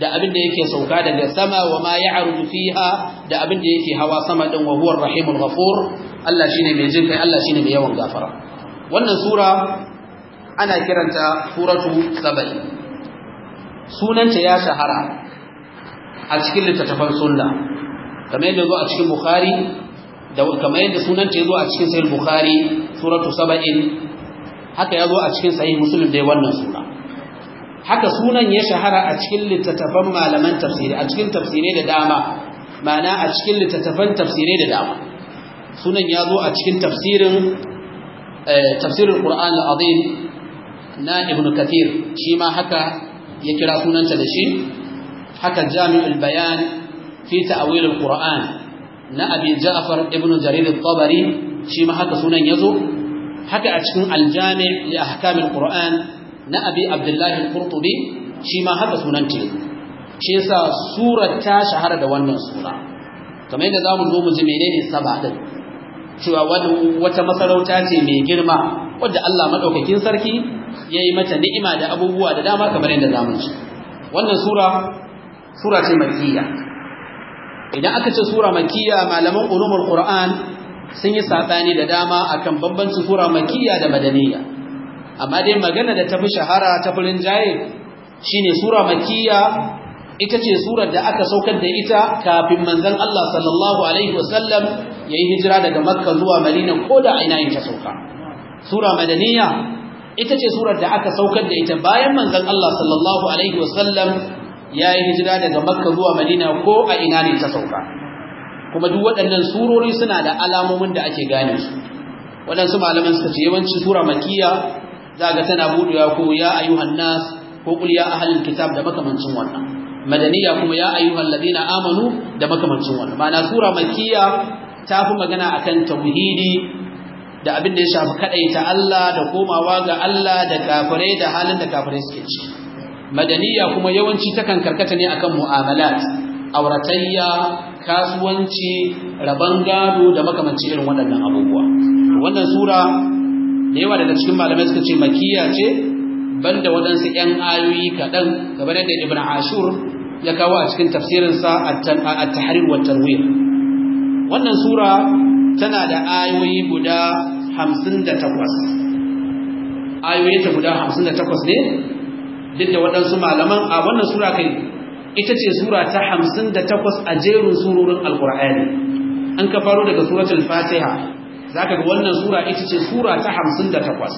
da abin da yake sauka daga sama wa ma ya'rudu fiha da abin da yake hawa sama din wa huwa ar-rahimul ghafur Allah shine mai jinkai Allah shine mai yawan gafara wannan sura ana kiranta suratu saba'in. sunanta ya shahara a cikin littattafan sunna kamar yadda zo a cikin bukhari da kamar yadda sunanta ya zo a cikin sahih bukhari suratu saba'in haka ya zo a cikin sahih muslim dai wannan suna haka sunan ya shahara a cikin littattafan malaman tafsiri a cikin tafsirai da dama ma'ana a cikin littattafan tafsirai da dama sunan ya zo a cikin tafsirin eh, tafsirin qur'an al-azim na ibn kathir shi ma haka ya kira sunanta da shi haka jami'ul bayan fi ta'wil al-qur'an na abi ja'far ibn jarir al-tabari shi ma haka sunan yazo haka a cikin al-jami' li ahkam al-qur'an na abi abdullah al-qurtubi shi ma haka sunan ta shi yasa surar ta shahara da wannan sura kamar yadda zamu zo mu ji menene sabadin cewa wata masarauta ce mai girma wadda Allah madaukakin sarki yayi mata ni'ima da abubuwa da dama kamar yadda zamu ci wannan sura sura ce makiyya. idan aka ce sura makiyya, malaman ulumul qur'an sun yi sabani da dama akan bambancin sura makiyya da madaniya amma dai magana da ta fi shahara ta furin jaye shine sura makiyya ita ce surar da aka saukar da ita kafin manzon Allah sallallahu alaihi wasallam yayi hijira daga Makka zuwa Madina ko da ina yin ta sauka sura madaniya ita ce surar da aka saukar da ita bayan manzon Allah sallallahu alaihi wasallam ya yi hijira daga makka zuwa madina ko a ina ne ta sauka kuma duk waɗannan surori suna da alamomin da ake gane su waɗansu malaman suka ce yawanci sura makiya za ga tana buɗewa ko ya ayyuhan nas ko qul ya ahlul kitab da makamancin wannan madaniya kuma ya ayyuhal ladina amanu da makamancin wannan ma'ana sura makiya ta fi magana akan tauhidi da abin da ya shafi ta Allah da komawa ga Allah da kafirai da halin da kafirai suke ci madaniya kuma yawanci takan karkata ne akan mu'amalat auratayya kasuwanci raban gado da makamanci irin waɗannan abubuwa wannan sura da yawa daga cikin malamai suka ce makiya ce banda waɗansu 'yan ayoyi kaɗan kamar yadda ibn ashur ya kawo a cikin tafsirinsa at-tahrir wa tarwir wannan sura tana da ayoyi guda hamsin da takwas ayoyinta guda hamsin da takwas ne duk da waɗansu malaman a wannan sura kai ita ce sura ta hamsin da takwas a jerin surorin alkur'ani an ka faro daga suratul fatiha za ka ga wannan sura ita ce sura ta hamsin da takwas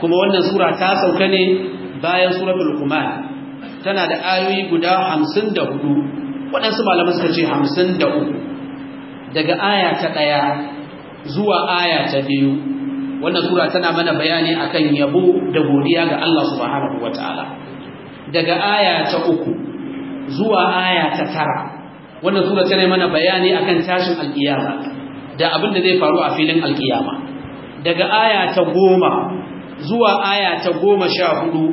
kuma wannan sura ta sauka ne bayan suratul kuman tana da ayoyi guda hamsin da hudu waɗansu malaman suka ce hamsin da daga aya ta ɗaya zuwa aya ta biyu wannan sura tana mana bayani akan yabo da godiya ga Allah subhanahu wataala daga aya ta uku zuwa aya ta tara wannan sura tana mana bayani akan tashin alkiyama da abin da zai faru a filin alkiyama daga aya ta goma zuwa aya ta goma sha hudu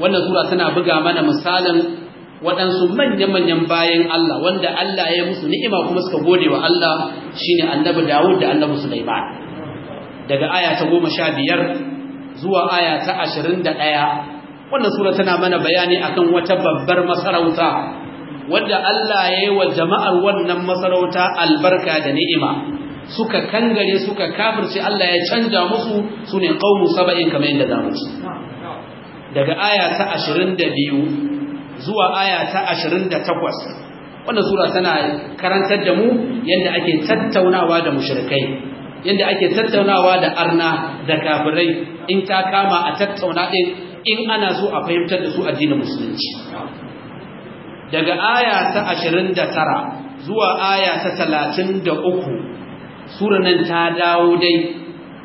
wannan sura tana buga mana misalin waɗansu manya-manyan bayan Allah wanda Allah ya musu ni'ima kuma suka gode wa Allah shi ne annabi Dawud da annabi Sulaiman daga aya ta goma sha biyar zuwa aya ta ashirin da ɗaya wannan sura tana mana bayani akan wata babbar masarauta wadda Allah ya yi wa jama'ar wannan masarauta albarka da ni'ima suka kangare suka kafirce Allah ya canja musu su ne ƙaunu saba'in kamar yadda za mu ci. daga aya ta ashirin da biyu zuwa aya ta 28 wannan sura tana karantar da mu yanda ake tattaunawa da mushrikai yadda ake tattaunawa da arna da kafirai in ta kama a tattauna din in ana so a fahimtar da su addinin musulunci daga aya ta 29 zuwa aya ta 33 sura nan ta dawo dai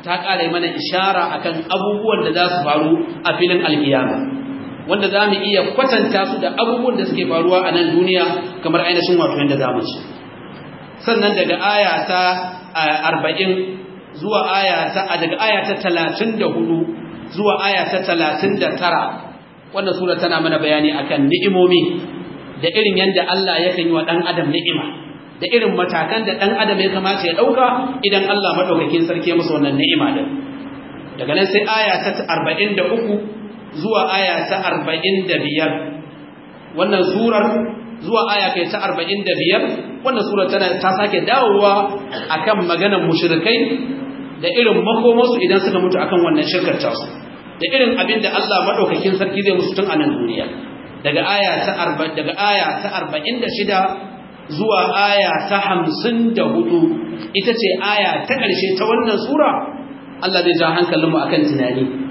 ta kare mana ishara akan abubuwan da za su faru a filin alkiyama wanda za mu iya kwatanta su da abubuwan da suke faruwa a nan duniya kamar ainihin wato yadda za mu ci sannan daga aya ta arba'in zuwa aya ta daga aya ta talatin da hudu zuwa aya ta talatin da tara wannan sura tana mana bayani akan ni'imomi da irin yadda Allah yakan yi wa ɗan adam ni'ima da irin matakan da ɗan adam ya kamata ya ɗauka idan Allah maɗaukakin sarki ya musu wannan ni'ima din daga nan sai aya ta arba'in da uku zuwa aya ta arba'in da biyar wannan surar zuwa aya kai ta arba'in da biyar wannan surar tana ta sake dawowa akan maganar mushrikai da irin makomarsu idan suka mutu akan wannan shirkar tasu da irin abin da Allah maɗaukakin sarki zai musu tun a nan duniya daga aya ta arba'in daga aya ta zuwa aya ta hamsin da hudu ita ce aya ta ƙarshe ta wannan sura Allah zai ja hankalinmu a kan tunani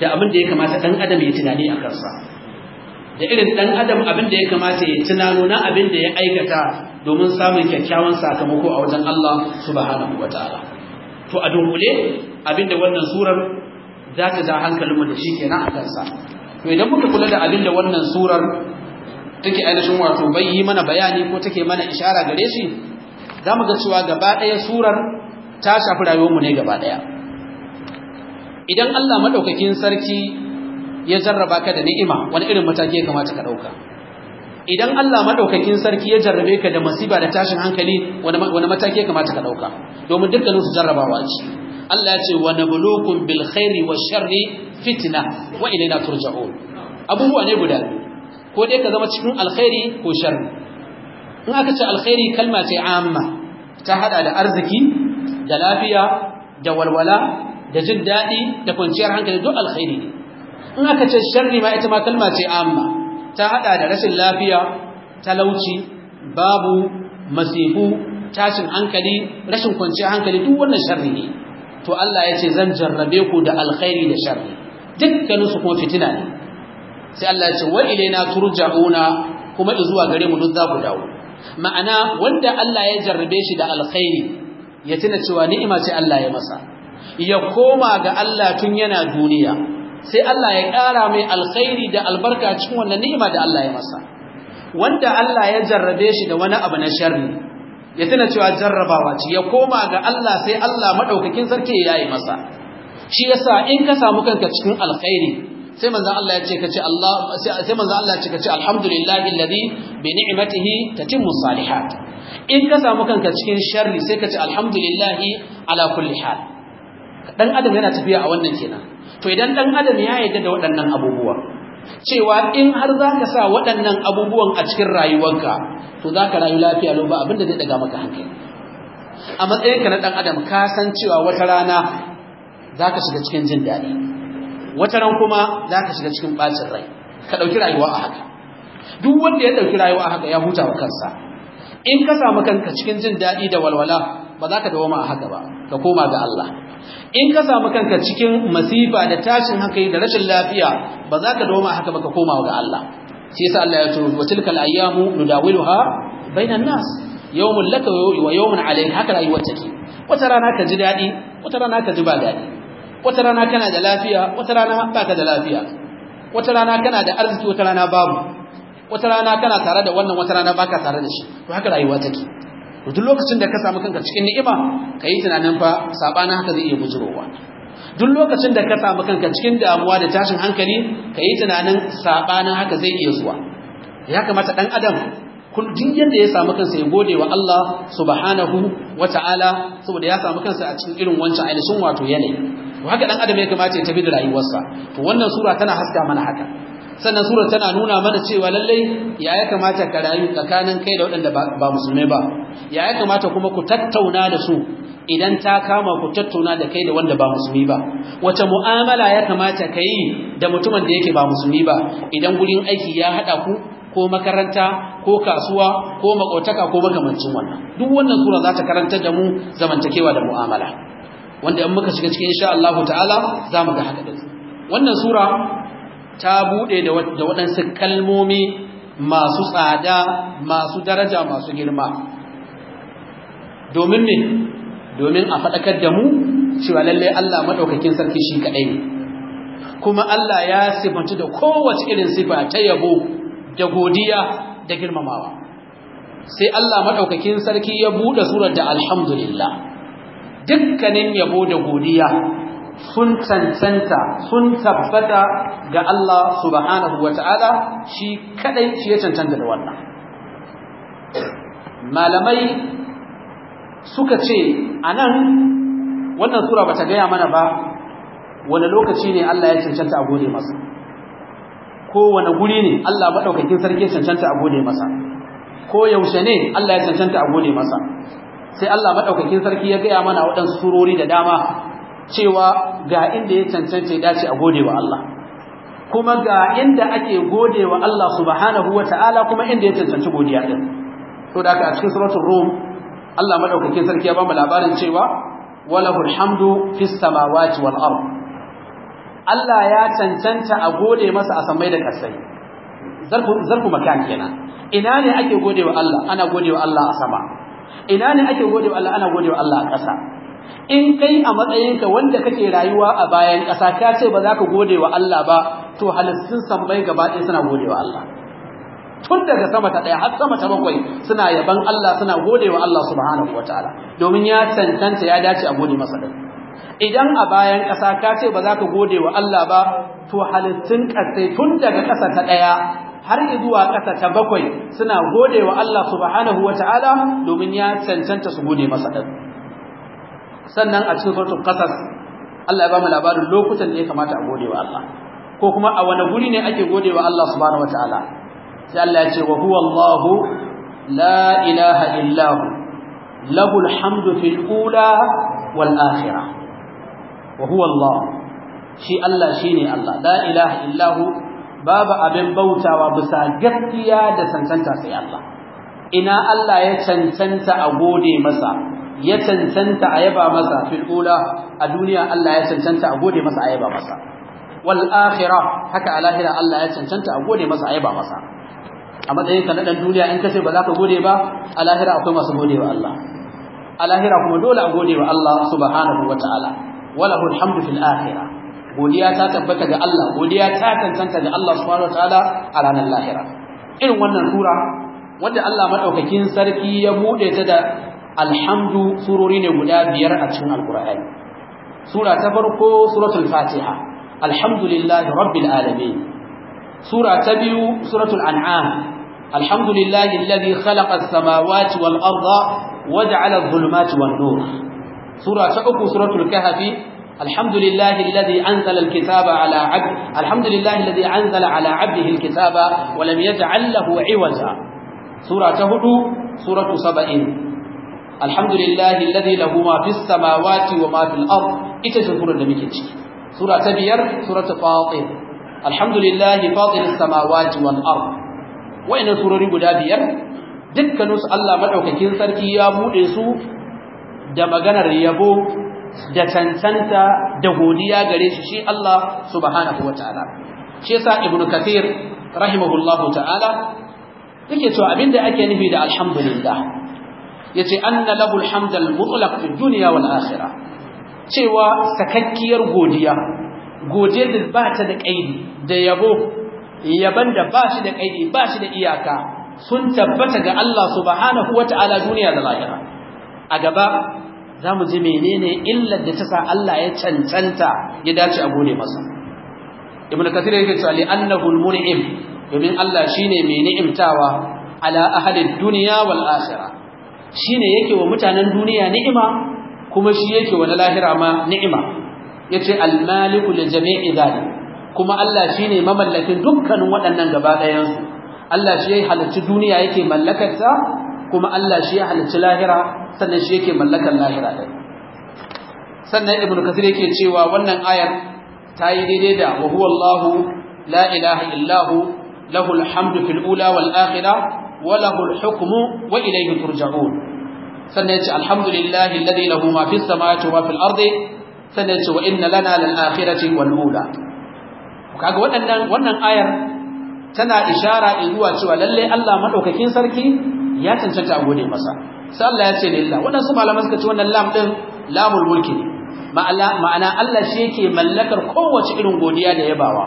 da abin da ya kamata dan adam ya tunani a kansa da irin ɗan adam abin da ya kamata ya tunano na abin da ya aikata domin samun kyakkyawan sakamako a wajen Allah subhanahu wataala to a dunkule abin da wannan surar za ta ja hankalinmu da shi kenan a kansa to idan muka kula da abin da wannan surar take ainihin wato bai yi mana bayani ko take mana ishara gare shi za mu ga cewa gaba ɗaya surar ta shafi mu ne gaba ɗaya idan Allah madaukakin sarki ya jarraba ka da ni'ima wani irin mataki ya kamata ka dauka idan Allah madaukakin sarki ya jarrabe ka da masiba da tashin hankali wani mataki ya kamata ka dauka domin dukkanin su jarrabawa ce Allah ya ce wa nabluukum bil khairi wash sharri fitna wa ilayna turja'un abubuwa ne guda ko dai ka zama cikin alkhairi ko sharri in aka ce alkhairi kalma ce amma ta hada da arziki da lafiya da walwala da jin daɗi da kwanciyar hankali duk alkhairi ne in aka ce sharri ma ita ma kalma ce amma ta haɗa da rashin lafiya talauci babu masifu tashin hankali rashin kwanciyar hankali duk wannan sharri ne to Allah ya ce zan jarrabe ku da alkhairi da sharri dukkanin su kuma fitina ne sai Allah ya ce wa ilaina turja'una kuma zuwa gare mu duk za ku dawo ma'ana wanda Allah ya jarrabe shi da alkhairi ya tuna cewa ni'ima ce Allah ya masa ya koma ga Allah tun yana duniya sai Allah ya ƙara mai alkhairi da albarka cikin wannan ni'ima da Allah ya masa wanda Allah ya jarrabe shi da wani abu na sharri ya tana cewa jarrabawa ce ya koma ga Allah sai Allah madaukakin sarki ya yi masa shi yasa in ka samu kanka cikin alkhairi sai manzo Allah ya ce kace Allah sai manzo Allah ya ce kace alhamdulillahi alladhi bi ni'matihi tatimmu salihat in ka samu kanka cikin sharri sai kace alhamdulillahi ala kulli hal dan adam yana tafiya a wannan kenan to idan dan adam ya yarda da waɗannan abubuwa cewa in har za ka sa waɗannan abubuwan a cikin rayuwarka to za ka rayu lafiya lau ba abin da zai daga maka hankali a matsayinka na ɗan adam ka san cewa wata rana za ka shiga cikin jin daɗi wata ran kuma za ka shiga cikin ɓacin rai ka ɗauki rayuwa a haka duk wanda ya ɗauki rayuwa a haka ya huta wa kansa in ka samu kanka cikin jin daɗi da walwala ba za ka dawo ma a haka ba ka koma ga Allah in ka samu kanka cikin masifa da tashin hankali da rashin lafiya ba za ka doma haka baka koma ga Allah shi yasa Allah ya ce wa tilkal ayyamu nudawiluha bainan nas yawmun laka wa yawmun alayk haka rayuwar take wata rana ka ji dadi wata rana ka ji ba dadi wata rana kana da lafiya wata rana baka da lafiya wata rana kana da arziki wata rana babu wata rana kana tare da wannan wata rana baka tare da shi to haka rayuwa take to duk lokacin da ka samu kanka cikin ni'ima ka yi tunanin fa sabanin haka zai iya bujirowa duk lokacin da ka samu kanka cikin damuwa da tashin hankali ka yi tunanin sabanin haka zai iya zuwa ya kamata dan adam duk yadda ya samu kansa ya gode wa Allah subhanahu wa ta'ala saboda ya samu kansa a cikin irin wancan ainihin wato yanayi to haka dan adam ya kamata ya tafi da rayuwarsa to wannan sura tana haska mana haka sannan sura tana nuna mana cewa lallai ya ya kamata ka rayu tsakanin kai da waɗanda ba musulmai ba ya ya kamata kuma ku tattauna da su idan ta kama ku tattauna da kai da wanda ba musulmi ba Wata mu'amala ya kamata ka yi da mutumin da yake ba musulmi ba idan gurin aiki ya haɗa ku ko makaranta ko kasuwa ko makotaka ko makamancin wannan duk wannan sura za ta karanta da mu zamantakewa da mu'amala wanda in muka shiga cikin insha Allah ta'ala za mu ga haka da wannan sura ta bude da waɗansu kalmomi masu tsada masu daraja masu girma domin ne domin a faɗakar da mu cewa lallai Allah maɗaukakin sarki shi kaɗai ne kuma Allah ya sifantu da kowace irin sifa ta yabo da godiya da girmamawa sai Allah maɗaukakin sarki ya buɗe surar da alhamdulillah dukkanin yabo da godiya sun cancanta sun tabbata ga Allah subhanahu wa ta'ala shi kaɗai shi ya cancanta da wannan malamai suka ce a nan wannan sura bata gaya mana ba wani lokaci ne Allah ya cancanta a gode masa ko wani guri ne Allah madaukakin sarki ya cancanta a gode masa ko yaushe ne Allah ya cancanta a gode masa sai Allah madaukakin sarki ya gaya mana waɗansu surori da dama cewa ga inda ya cancanta ya dace a gode wa Allah kuma ga inda ake gode wa Allah subhanahu wa ta'ala kuma inda ya cancanci godiya ɗin to da aka a cikin suratul rum Allah madaukake sarki ya ba mu labarin cewa walahul hamdu fis samawati wal ard Allah ya cancanta a gode masa a samai da kasai zarfu zarfu makan kenan ina ne ake godewa Allah ana godewa Allah a sama ina ne ake godewa Allah ana godewa Allah a ƙasa in kai a matsayinka wanda kake rayuwa a bayan ƙasa ka ce ba za ka gode wa Allah ba to halittun samai gaba ɗaya suna gode wa Allah tun daga sama ta daya har sama ta bakwai suna yaban Allah suna godewa Allah subhanahu wataala domin ya tantance ya dace a gode masa din idan a bayan ƙasa ka ce ba za ka gode wa Allah ba to halittun ƙasai tun daga ƙasa ta ɗaya har zuwa ƙasa ta bakwai suna gode wa Allah subhanahu wataala domin ya cancanta su gode masa ɗan sannan a cikin sautin ƙasas Allah ya ba mu labarin lokutan da ya kamata a gode wa Allah ko kuma a wani guri ne ake gode wa Allah subhanahu wataala sai Allah ya ce wa huwa Allahu la ilaha illa hu lahul hamdu fil ula wal akhirah wa huwa Allah shi Allah shine Allah la ilaha illa hu babu abin bautawa bisa gaskiya da cancanta sai Allah ina Allah ya cancanta a gode masa ya cancanta a yaba masa fil ula a duniya Allah ya cancanta a gode masa a yaba masa wal akhirah haka a lahira Allah ya cancanta a gode masa a yaba masa a matsayin ka na duniya in ce ba za ka gode ba a lahira akwai masu gode wa Allah a lahira kuma dole a gode wa Allah subhanahu Wala walahu alhamdu fil akhirah godiya ta tabbata ga Allah godiya ta tantanta ga Allah subhanahu wataala a ranar lahira irin wannan sura wanda Allah madaukakin sarki ya bude ta da alhamdu surori ne guda biyar a cikin alqur'ani sura ta farko suratul fatiha alhamdulillahi rabbil alamin sura ta biyu suratul an'am alhamdulillahi alladhi khalaqa as-samawati wal arda waja'ala adh-dhulumati wan nur sura ta uku suratul kahfi الحمد لله الذي أنزل الكتاب على عبد الحمد لله الذي أنزل على عبده الكتاب ولم يجعل له عوجا سورة هدو سورة سبعين الحمد لله الذي له ما في السماوات وما في الأرض إتجفر النبي سورة بير سورة فاطر alhamdulillahi fatiris samawati wal ard wayannan surori guda biyar dukkanin su Allah madaukakin sarki ya bude su da maganar yabo da tantanta da godiya gare shi shi Allah subhanahu wataala shi yasa ibnu kathir rahimahullahu ta'ala yake cewa abinda ake nufi da alhamdulillah yace anna lahu alhamdal mutlaq fid dunya wal akhirah cewa sakakkiyar godiya goje da ba ta da ƙaidi da yabo yaban da ba shi da ƙaidi ba shi da iyaka sun tabbata ga Allah subhanahu wata'ala duniya da lahira a gaba za mu ji menene illar da ta sa Allah ya cancanta ya dace a gode masa ibnu kathir yake cewa li annahu al-mun'im domin Allah shine mai ni'imtawa ala ahli ad-dunya wal akhirah shine yake wa mutanen duniya ni'ima kuma shi yake wa na lahira ma ni'ima yace almaliku maliku li jami'i kuma Allah shine mamallakin dukkanin waɗannan gaba ɗayan su Allah shi ya halarci duniya yake mallakarta kuma Allah shi ya halarci lahira sannan shi yake mallakar lahira sannan ibnu kasir yake cewa wannan ayar ta yi daidai da wa huwa Allahu la ilaha illahu lahul hamdu fil ula wal akhirah وله wa وإليه ترجعون سنة yace alhamdulillahi الذي lahu ما في السماوات وما في الأرض sannan ce wa inna lana lil akhirati wal ula kaga waɗannan wannan ayar tana ishara zuwa cewa lalle Allah maɗaukakin sarki ya cancanta gode masa sai Allah ya ce lillah waɗansu malaman suka ce wannan lam ɗin, lamul mulki ne ma'ana Allah shi yake mallakar kowace irin godiya da yabawa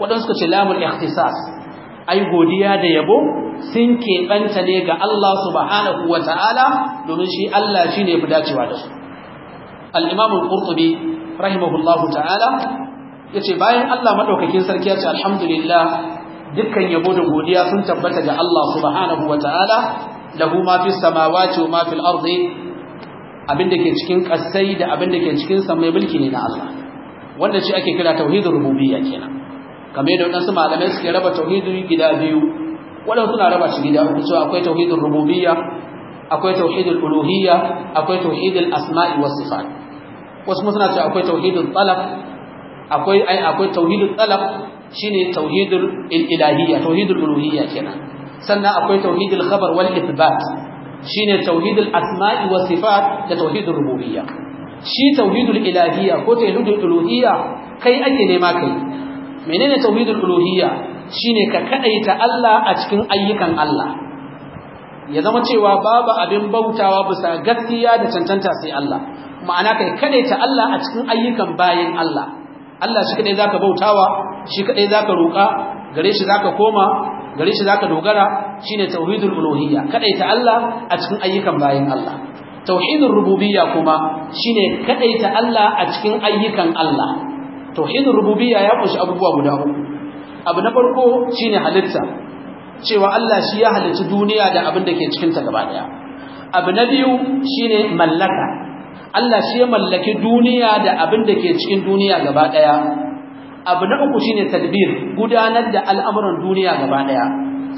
waɗansu suka ce lamul ikhtisas ai godiya da yabo sun keɓanta ne ga Allah subhanahu wa ta'ala domin shi Allah shi ne fi dacewa da su al-imam al rahimahullahu ta'ala yace bayan Allah madaukakin sarki ya ce alhamdulillah dukkan yabo da godiya sun tabbata ga Allah subhanahu wa ta'ala da ma fis samawati wa mafi fil abinda ke cikin kasai da abinda ke cikin samai mulki ne na Allah wanda shi ake kira Tauhidin rububiyya kenan kamar yadda wadansu malamai suke raba tauhidin gida biyu wadansu suna raba shi gida uku cewa akwai Tauhidin rububiyya akwai Tauhidin uluhiyya akwai Tauhidin asma'i wa sifat wasu suna cewa akwai tauhidul talab akwai ai akwai tauhidul talab shine tauhidul ilahiyya tauhidul uluhiyya kenan sannan akwai tauhidul khabar wal ithbat shine tauhidul asma'i was sifat da tauhidul rububiyya shi tauhidul ilahiyya ko tauhidul uluhiyya kai ake nema kai menene tauhidul uluhiyya shine ka kadaita Allah a cikin ayyukan Allah ya zama cewa babu abin bautawa bisa gaskiya da cancanta sai Allah ma'ana kai kadaita Allah a cikin ayyukan bayin Allah Allah shi kadai zaka bautawa shi kadai zaka roƙa gare shi zaka koma gare shi zaka dogara shine tauhidul uluhiyya kadaita Allah a cikin ayyukan bayin Allah tauhidur rububiyya kuma shine kadaita Allah a cikin ayyukan Allah tauhidur rububiyya ya kunshi abubuwa guda uku abu na farko shine halitta cewa Allah shi ya halitta duniya da abin da ke cikin ta gaba daya abu na biyu shine mallaka Allah shi ya mallaki duniya da abin da ke cikin duniya gaba ɗaya. abu na uku shine tadbir gudanar da al'amuran duniya gaba ɗaya.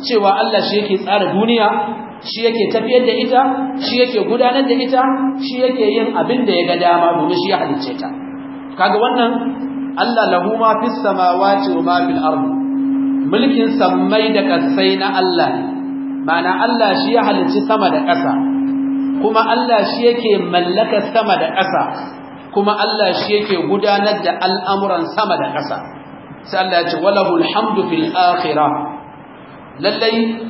cewa Allah shi yake tsara duniya shi yake tafiyar da ita shi yake gudanar da ita shi yake yin abin da ya ga dama domin shi ya halicce ta kaga wannan Allah lahu ma fis samawati wa ma fil mulkin sammai da kasai na Allah mana Allah shi ya halicci sama da ƙasa kuma Allah shi yake mallaka sama da ƙasa kuma Allah shi yake gudanar da al'amuran sama da ƙasa sai Allah ya ce walahul hamdu fil akhirah lallai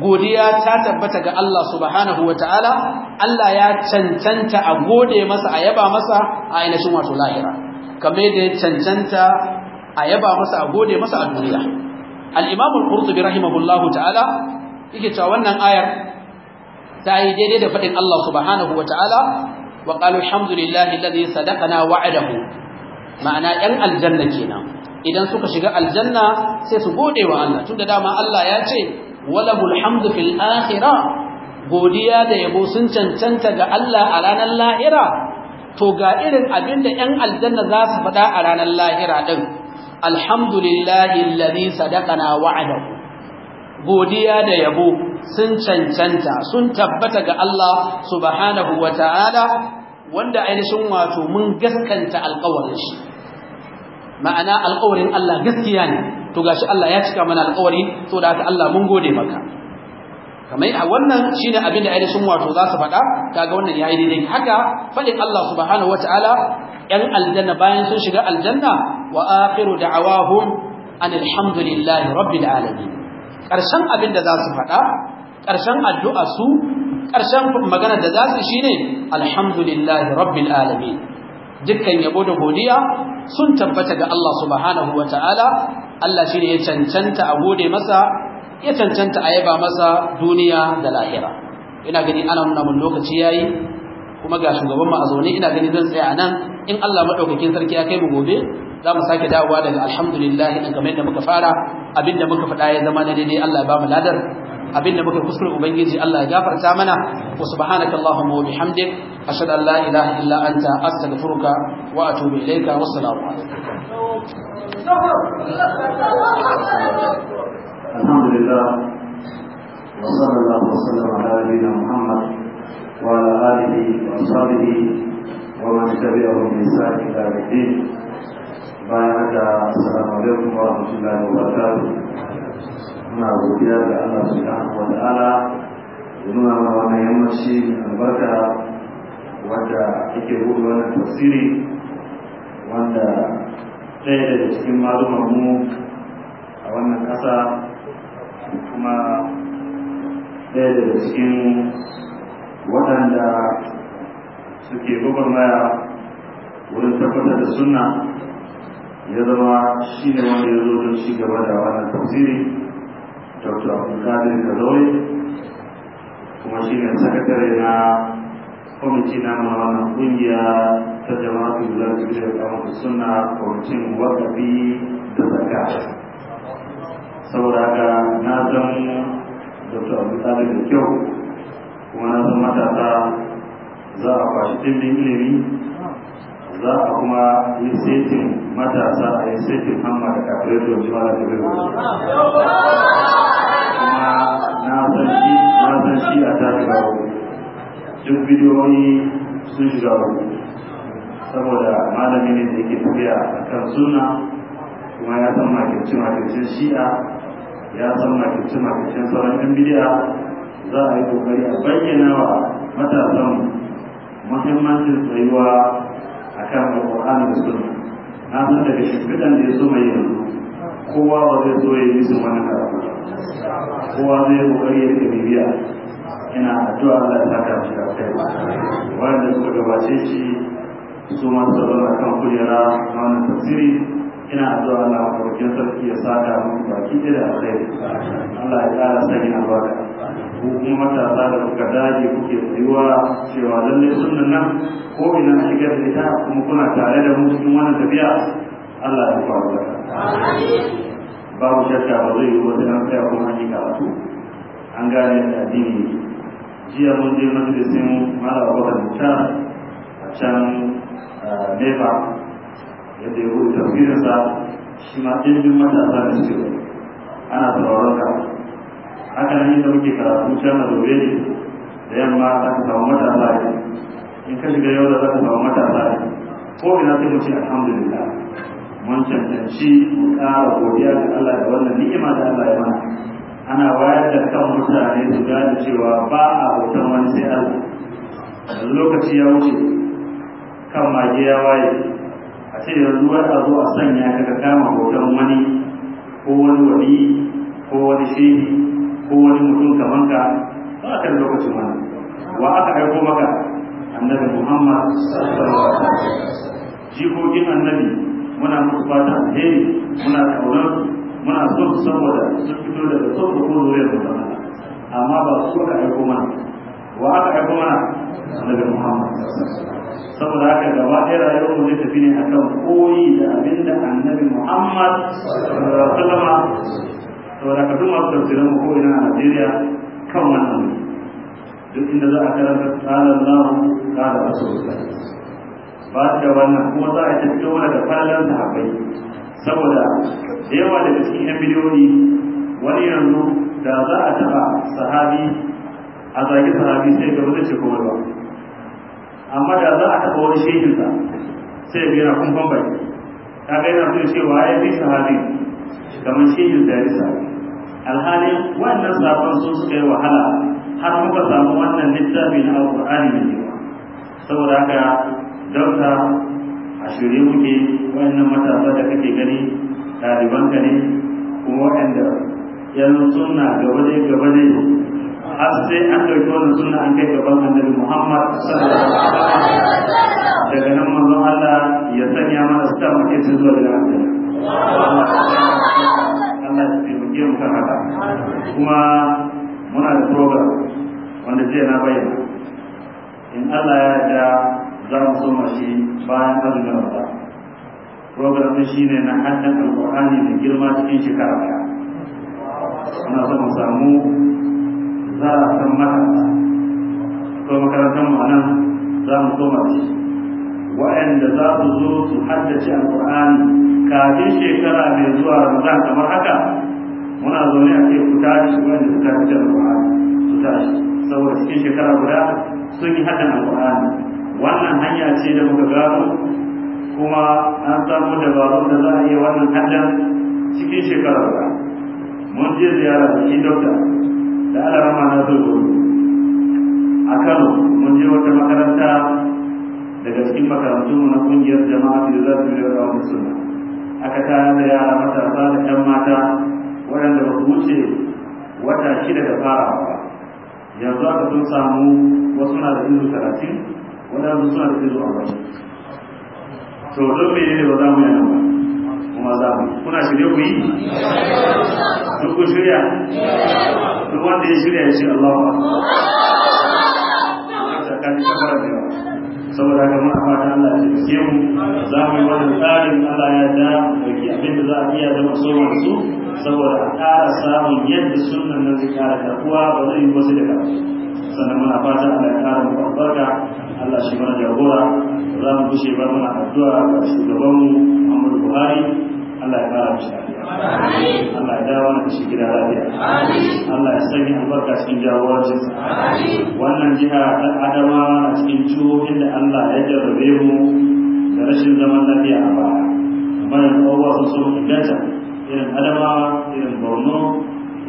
godiya ta tabbata ga Allah subhanahu wataala Allah ya cancanta a gode masa a yaba masa a ainihin wato lahira kamar yadda ya cancanta a yaba masa a gode masa a duniya al-imam al-qurtubi rahimahullahu ta'ala yake cewa wannan ayar ta yi daidai da faɗin Allah subhanahu wa ta'ala wa qalu alhamdulillahi alladhi sadaqana wa'adahu ma'ana yan aljanna kenan idan suka shiga aljanna sai su gode wa Allah da dama Allah ya ce walabul hamdu fil godiya da yabo sun cancanta ga Allah a ranar lahira to ga irin abin da yan aljanna za su faɗa a ranar lahira din alhamdulillahi alladhi sadaqana wa'adahu godiya da yabo sun cancanta sun tabbata ga Allah subhanahu wata'ala wanda ainihin wato mun gaskanta alƙawarin shi ma'ana alƙawarin Allah gaskiya ne to gashi Allah ya cika mana alƙawari to da Allah mun gode maka kamar a wannan shine abin da ainihin wato za su faɗa kaga wannan yayi daidai haka faɗin Allah subhanahu wataala yan aljanna bayan sun shiga aljanna wa akhiru da'awahum anil hamdulillahi rabbil alamin ƙarshen abin da za su faɗa ƙarshen addu'a su ƙarshen magana da za su shi shine alhamdulillahi rabbil alamin dukkan yabo da godiya sun tabbata ga Allah subhanahu wa ta'ala Allah shi ne ya cancanta a gode masa ya cancanta a yaba masa duniya da lahira ina gani ana nuna mun lokaci ya yi, kuma ga shugaban mu a zaune ina gani zan tsaya nan in Allah maɗaukakin sarki ya kai mu gobe za mu sake dawowa daga alhamdulillah in kamar yadda muka fara abinda muka faɗa ya zama na daidai Allah ya ba mu ladar abinda muka kuskure ubangiji Allah ya gafarta mana wa subhanaka allahumma wa bihamdik ashhadu an la ilaha illa anta astaghfiruka wa atubu ilayka wa assalamu alaikum الحمد لله وصلى الله وسلم على نبينا محمد وعلى اله وصحبه ومن تبعهم بإحسان إلى الدين bayan haka assalamu alaikum wa rahmatullahi wa barakatuh muna godiya ga Allah subhanahu wa ta'ala da nuna mana wannan yammaci albarka wadda ake gudu wannan tafsiri wanda ɗaya daga cikin malumanmu a wannan ƙasa kuma ɗaya daga cikin waɗanda suke gwagwarmaya wurin tabbatar da sunna ya zama shi ne wanda ya zo don ci gaba da wannan tafsiri dr abdulkadir kazori kuma shi ne sakatare na kwamiti na wannan kungiya ta jama'a tuzular kama kamar suna kwamitin wakafi da zaka saboda haka na zan dr abdulkadir da kyau kuma na zan matasa za a kwashi ɗimbin ilimi za a kuma yi setin matasa a yi setin hamma da kafirai to ji mara tafi kuma na san shi na san shi a ta shiga wuri duk bidiyoyi sun shiga wuri saboda malami ne da yake tafiya a kan suna kuma ya san makirci makircin shi'a ya san makirci makircin sauran yan bidiya za a yi kokari a bayyana wa matasan muhimmancin tsayuwa akan alƙur'ani da sunna na san daga shugaban da ya mai yanzu kowa ba zai so ya yi wannan wani karatu kowa zai kokari ya rika bibiya ina addu'a Allah ya saka shi a kai wanda suka gabace shi su ma su zauna kan kujera na wannan tafsiri ina addu'a Allah ya sarki ya saka mu baki da alkhairi Allah ya kara sanin albarka ko kuma matasa da kuka dage kuke tsayuwa cewa lallai sunan nan ko ina a shigar da ita kuma kuna tare da mu cikin wannan tafiya Allah ya faru da babu shakka ba zai yi wata nan tsaya kuma an yi karatu an gane da addini ne jiya mun je majalisin malama bakar ta a can nefa yadda ya rubuta tafiyarsa shi ma ɗin matasa da suke ana sauraron ka. haka ne da muke karatu can a ne. da yamma za ka samu matasa ne in ka shiga yau da za ka samu matasa ne ko ina sai mu ce alhamdulillah mun cancanci mu ƙara godiya ga Allah da wannan ni'ima da Allah ya mana ana wayar da kan mutane su gane cewa ba a hoton wani sai Allah lokaci ya wuce kan mage ya waye a ce yanzu wani a zo a sanya ka kama hoton wani ko wani wani ko wani shehi ko wani mutum kamar ka ba ka da lokacin wani wa aka aiko maka annabi muhammad sallallahu alaihi wasallam jikokin annabi muna muku fata alheri muna kaunar muna son saboda sun fito daga saboda ko zuriyar mu amma ba su ka aiko mana wa aka aiko mana annabi muhammad saboda haka gaba ɗaya rayuwar mu zai tafi ne akan koyi da abinda annabi muhammad sallallahu alaihi wasallam saboda ka duk masu tafsirin ko ina a Najeriya kan wannan duk inda za a karanta tsara Allah wasu wasu ba da wannan kuma za a tafi mana da ta sahabbai saboda da yawa daga cikin yan miliyoyi wani yanzu da za a taɓa sahabi a zagi sahabi sai ga wata ce kuma ba amma da za a taɓa wani shehinsa sai ya biya kumfan bambai ta ga yana cewa ya fi sahabi kamar shehin da ya sahabi alhali wannan sabon sun suka yi wahala har muka samu wannan littafi na alƙur'ani mai yawa saboda haka dauka a shirye muke wannan matasa da kake gani ɗalibanka ne kuma waɗanda yanzu suna gaba dai gaba dai har sai an ɗauki wannan suna an kai gaban annabi Muhammad daga nan manzon Allah ya sanya mana su ta sun zuwa da Allah Allah ya taimake mu kan haka kuma muna da program wanda zai na bayyana in Allah ya ja za mu soma shi bayan azumin Ramadan program shi ne na haddan alqur'ani da girma cikin shekara daya muna son mu samu za a san matasa ko makarantar mu nan za mu soma shi waɗanda za su zo su haddace Al-Quran, kafin shekara mai zuwa ramadan kamar haka muna zaune a ce ku tashi waɗanda suka haddace alƙur'ani su tashi saboda cikin shekara guda sun yi haddan quran wannan hanya ce da muka gano kuma an samu dabarun da za a iya wannan haddan cikin shekara guda mun je ziyara da shi dokta da alarama na zo a kano mun je wata makaranta daga cikin makarantu na kungiyar jama'a da za su yi da suna aka tara da yara matasa da 'yan mata waɗanda ba su wuce wata shida da farawa ba yanzu aka sun samu wasu na da izu talatin waɗansu suna da izu arba'in to don mene ne ba za mu yana ba kuma za mu kuna shirye ku yi duk ku shirya duk wanda ya shirya ya ce Allahu akbar saboda ga ma'amata Allah ya taimake mu za mu yi wannan tsarin Allah ya da dauki abin da za a iya zama sauran su saboda a ƙara samun yadda sunan nan zai ƙara karɓuwa ba zai yi wasu da sannan muna fata Allah ya ƙara muku albarka Allah shi mana jagora za mu kushe ba muna addu'a ga shugabanmu Muhammadu Buhari Allah ya ƙara mu Allah ya dawo da shi gida lafiya Allah ya sanya albarka cikin jagorancin wannan jiha ta adama a cikin jihohin da Allah ya jarrabe mu da rashin zaman lafiya a baya amma da kowa sun so inganta irin Adama, irin borno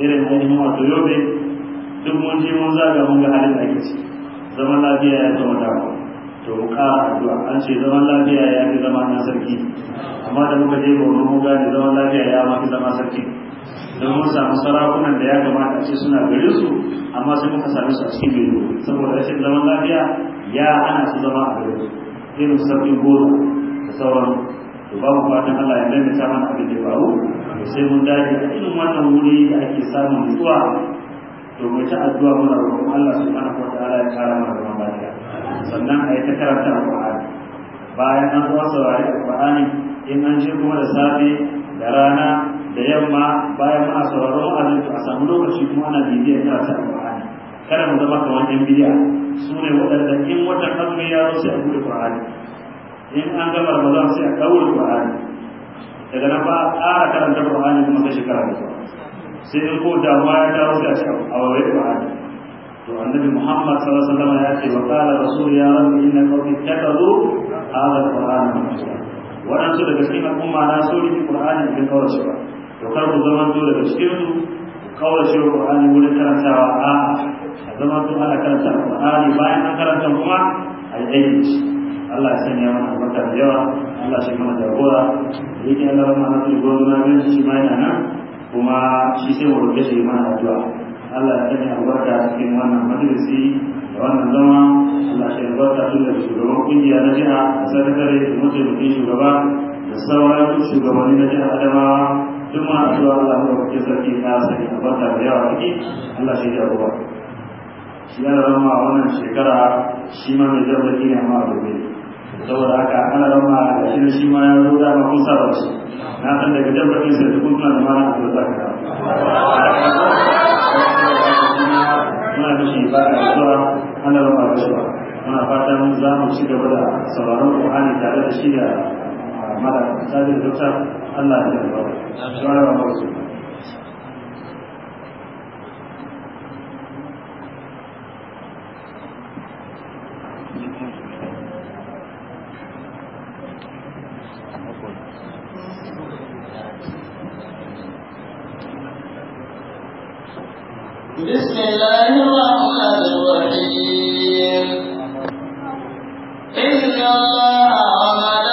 irin ainihin wato yobe duk mun je mun zaga mun ga halin da ake ciki zaman lafiya ya zama damuwa to mu addu'a an ce zaman lafiya ya fi zama na sarki amma da muka je gobe mun gane zaman lafiya ya ma fi zama sarki don mun samu sarakunan da ya kamata a ce suna gare su amma sai muka same su a cikin gero saboda rashin zaman lafiya ya ana su zama a gare su irin sarkin goro da sauran to babu fatan Allah ya ta mana abin da ya faru sai mun dace a irin wannan wuri da ake samun nutsuwa domin ta addu'a muna roƙon Allah subhanahu wataala ya kara mana zaman lafiya sannan a yi ta karanta alƙur'ani bayan an zuwa saurari alƙur'ani in an je kuma da safe da rana da yamma bayan ma a sauraro wa'azin to a samu lokaci kuma ana bibiyar karanta alƙur'ani kada mu zama kamar yan bidiya su ne waɗanda in watan azumi ya zo sai a buɗe ƙur'ani in an gama ramadan sai a ɗaure ƙur'ani daga nan ba a ƙara karanta ƙur'ani kuma sai shekara da zuwa sai ko da ma ya dawo da shi a wawe da ba'ada to annabi muhammad sallallahu alaihi wasallam ya ce wa qala rasul ya rabbi inna qawmi takazu hadha an waɗansu daga cikin al'umma na so ne qur'ani da kawace ba to kar ku zama to daga cikin su kawace qur'ani wurin karantawa a a zama to ana karanta qur'ani bayan an karanta kuma ai aiki Allah ya sanya mana albarka da yawa Allah shi mana jagora yake Allah mana na tsoro na ganin shi ma yana nan kuma shi sai mu roƙe shi mana addu'a Allah ya sanya albarka cikin wannan majalisi da wannan zama Allah ya albarka tun daga shugaban kungiya na jiha da sakatare da mataimakin shugaba da sauran shugabanni na jihar Adamawa duk ma addu'a Allah ya roƙe sarki ya sanya albarka da yawa ciki Allah shi ya ruwa shi ya rama wannan shekara shi ma mai jarbaki ne amma gobe saboda haka ana rama da shi da shi ma ya zo da kun sa ba na san daga dabbakin sai da kun tuna da mana da zaka muna da shi ba da zuwa ana rama da shi muna fatan za mu ci gaba da sauraron Qur'ani tare da shi da mara tsarin dokta Allah ya yarda. Shawara ba بسم الله الرحمن الرحيم إن الله عمل